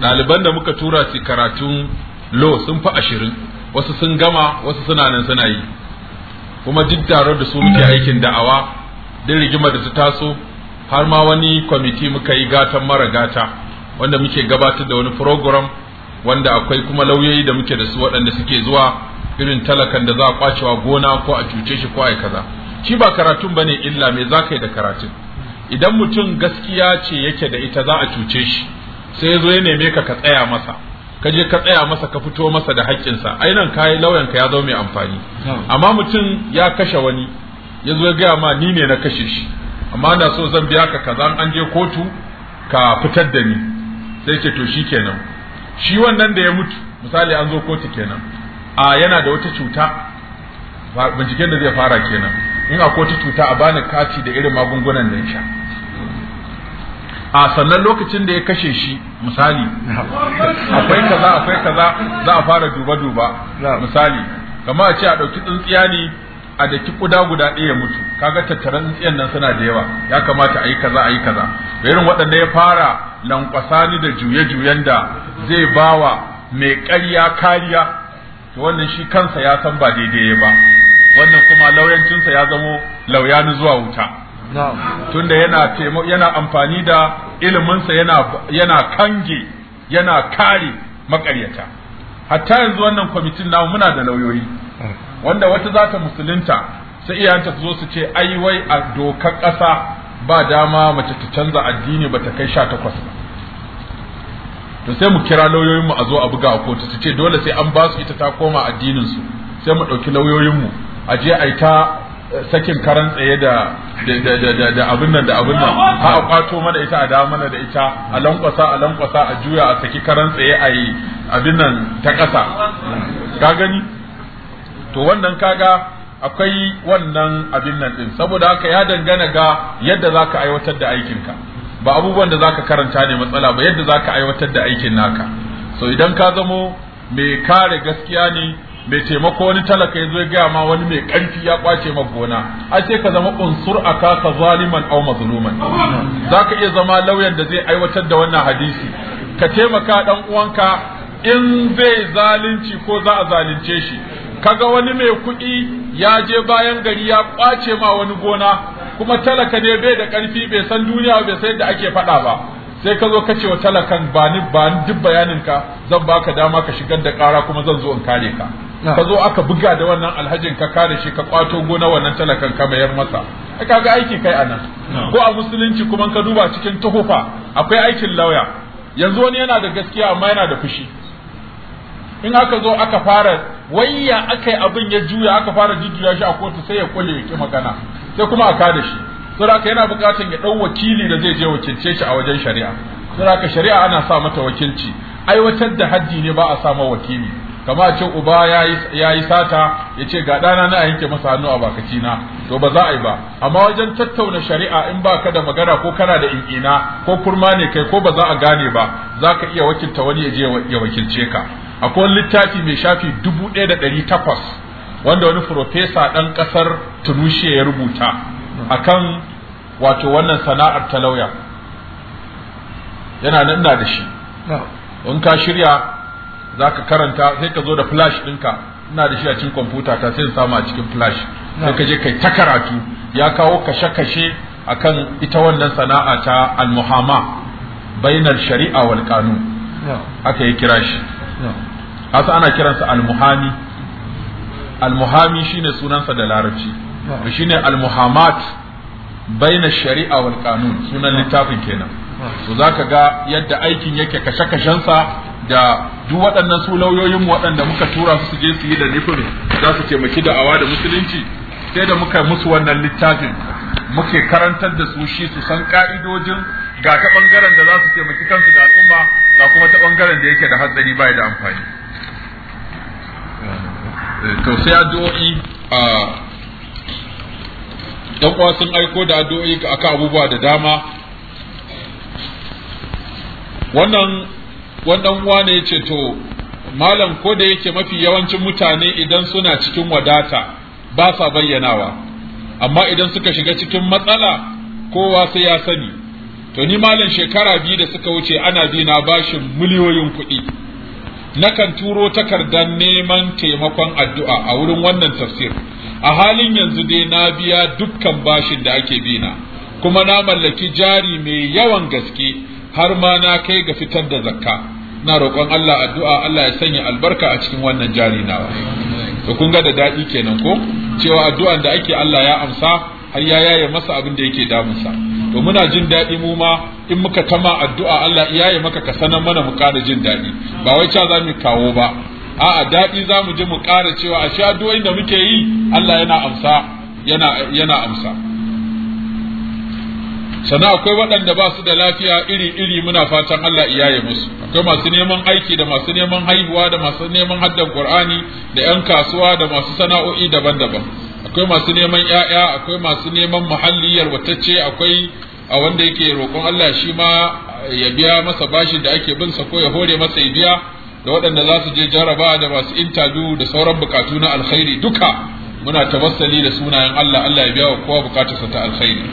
ɗaliban da muka tura su karatun lo sun fi ashirin wasu sun gama wasu suna nan suna yi kuma duk tare da su muke aikin da'awa duk rigimar da su taso har ma wani kwamiti muka yi gatan mara gata wanda muke gabatar da wani program wanda akwai kuma lauyoyi da muke da su waɗanda suke zuwa irin talakan da za a kwacewa gona ko a cuce shi ko a kaza shi ba karatun bane illa me za ka yi da karatun idan mutum gaskiya ce yake da ita za a cuce shi sai ya zo ya neme ka ka tsaya masa ka je ka tsaya masa ka fito masa da haƙƙinsa ainan kayi lauyan ka ya zo mai amfani amma mutum ya kashe wani ya zo ya gaya ma ni ne na kashe shi amma na so zan biya ka kaza an je kotu ka fitar da ni sai ce to shi kenan shi wannan da ya mutu misali an zo kotu kenan a yana da wata cuta binciken da zai fara kenan in a kotu cuta a bani kati da irin magungunan da sha a sannan lokacin da ya kashe shi misali akwai kaza akwai kaza za a fara duba duba misali kamar a ce a ɗauki tsintsiya ne a daki kuda guda ɗaya ya mutu kaga tattaran tsintsiyan nan suna da yawa ya kamata a yi kaza a yi kaza irin waɗanda ya fara lankwasa ni da juye-juyen da zai bawa mai ƙarya kariya to wannan shi kansa ya san ba daidai ba wannan kuma lauyancinsa ya zamo lauya ni zuwa wuta tunda yana yana amfani da iliminsa yana yana kange yana kare makaryata hatta yanzu wannan kwamitin namu muna da lauyoyi wanda wata za ta musulunta sai iyayenta su zo su ce ai wai a dokar ƙasa ba dama mace ta canza addini ba ta kai sha takwas ba to sai mu kira lauyoyinmu a zo a buga a kotu su ce dole sai an ba su ita ta koma addinin su sai mu ɗauki lauyoyinmu a je a yi ta sakin karan tsaye da da abin nan da abin nan ha a kwato mana ita a dawo mana da ita a lankwasa a lankwasa a juya a saki karan tsaye a yi abin nan ta ƙasa ka gani to wannan kaga akwai wannan abin nan din saboda haka ya dangana ga yadda ka aiwatar da aikinka ba abubuwan da zaka karanta ne matsala ba yadda zaka aiwatar da aikin naka so idan ka zamo mai kare gaskiya ne mai taimako wani talaka ya zo ya gaya ma wani mai ƙarfi ya kwace ma gona a ce ka zama unsur a kaka zaliman au mazluman za ka iya zama lauyan da zai aiwatar da wannan hadisi ka taimaka dan uwanka in zai zalunci ko za a zalunce shi kaga wani mai kuɗi ya je bayan gari ya ƙwace ma wani gona kuma talaka ne bai da ƙarfi bai san duniya bai san yadda ake faɗa ba sai ka zo ka ce wa talakan ba ni ba ni duk bayaninka zan baka dama ka shigar da ƙara kuma zan zo in kare ka ka zo aka buga da wannan alhajin ka kare shi ka kwato gona wannan talakan ka mayar masa ka kaga aiki kai anan ko a musulunci kuma ka duba cikin tuhufa akwai aikin lauya yanzu wani yana da gaskiya amma yana da fushi in aka zo aka fara wayya akai abin ya juya aka fara jujjuya shi a kotu sai ya kulle ya ki magana sai kuma a kada shi saboda yana bukatan ya dau wakili da zai je wakilce shi a wajen shari'a saboda shari'a ana sa mata wakilci aiwatar da haddi ne ba a sa wakili kama ce uba ya yi sata ya ce ga ɗana na a yanke masa hannu a bakaci na to ba za a yi ba amma wajen tattauna shari'a in ba ka da magana ko kana da inkina ko kurma ne kai ko ba za a gane ba za ka iya wakilta wani ya je ya wakilce ka akwai littafi mai shafi dubu ɗaya da ɗari takwas wanda wani furofesa ɗan ƙasar tunushiya ya rubuta akan wato wannan sana'ar talauya yana nan da shi in ka shirya za ka karanta sai ka zo da flash ɗinka ina da shi a cikin kwamfuta ta sai samu a cikin flash sai ka je kai ta karatu ya kawo kashe-kashe akan ita wannan sana'a ta almuhama bainar shari'a wal kanun aka yi kira shi asa ana kiransa almuhami almuhami shine sunansa da larabci shine almuhamat bainar shari'a wal kanun sunan littafin kenan to ka ga yadda aikin yake kashe kashensa da duk waɗannan su lauyoyin waɗanda muka tura su je su yi da nufin za su taimaki da'awa da musulunci sai da muka musu wannan littafin muke karantar da su shi su san ka'idojin ga ta bangaren da za su taimaki kansu da al'umma ga kuma ta bangaren da yake da hatsari bai da amfani to sai addu'o'i a dan uwa sun aiko da addu'o'i akan abubuwa da dama wannan wannan uwa ne ce to malam ko da yake mafi yawancin mutane idan suna cikin wadata ba sa bayyanawa amma idan suka shiga cikin matsala kowa sai ya sani to ni malam shekara biyu da suka wuce ana bi na bashin miliyoyin kuɗi nakan turo takardar neman taimakon addu'a a wurin wannan tafsir a halin yanzu dai na biya dukkan bashin da ake bina kuma na mallaki jari mai yawan gaske har ma na kai ga fitar da zakka na roƙon Allah addu'a Allah ya sanya albarka a cikin wannan jari nawa to kun ga da daɗi kenan ko cewa addu'an da ake Allah ya amsa har ya yaye masa abin da yake damunsa to muna jin daɗi mu ma in muka tama addu'a Allah ya yaye maka ka sanan mana mu ƙara jin daɗi ba wai ca za mu kawo ba a'a daɗi za mu ji mu ƙara cewa a sha addu'o'in da muke yi Allah yana amsa yana yana amsa sana akwai waɗanda ba su da lafiya iri-iri muna fatan Allah iyaye musu akwai masu neman aiki da masu neman haihuwa da masu neman haddan Qur'ani da 'yan kasuwa da masu sana'o'i daban-daban akwai masu neman 'ya'ya akwai masu neman muhalli yarwatacce akwai a wanda yake roƙon Allah shi ma ya biya masa bashi da ake bin sa ko ya hore masa ya biya da waɗanda za su je jaraba da masu intaju da sauran bukatu na alkhairi duka muna tabassali da sunayen Allah Allah ya biya wa kowa bukatarsa ta alkhairi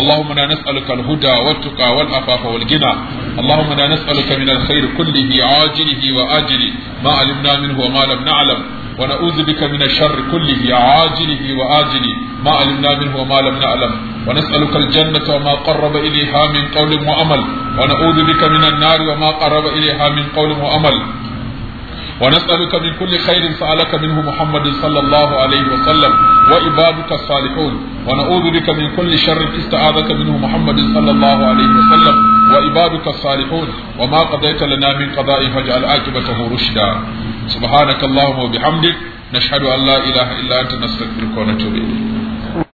اللهم انا نسالك الهدى والتقى والعفاف والغنى اللهم انا نسالك من الخير كله عاجله واجله ما علمنا منه وما لم نعلم ونعوذ بك من الشر كله عاجله واجله ما علمنا منه وما لم نعلم ونسألك الجنة وما قرب إليها من قول وعمل ونعوذ بك من النار وما قرب إليها من قول وعمل ونسألك من كل خير سألك منه محمد صلى الله عليه وسلم وعبادك الصالحون ونعوذ بك من كل شر استعاذك منه محمد صلى الله عليه وسلم وعبادك الصالحون وما قضيت لنا من قضاء فاجعل عاقبته رشدا سبحانك اللهم وبحمدك نشهد أن لا إله إلا أنت نستغفرك ونتوب إليك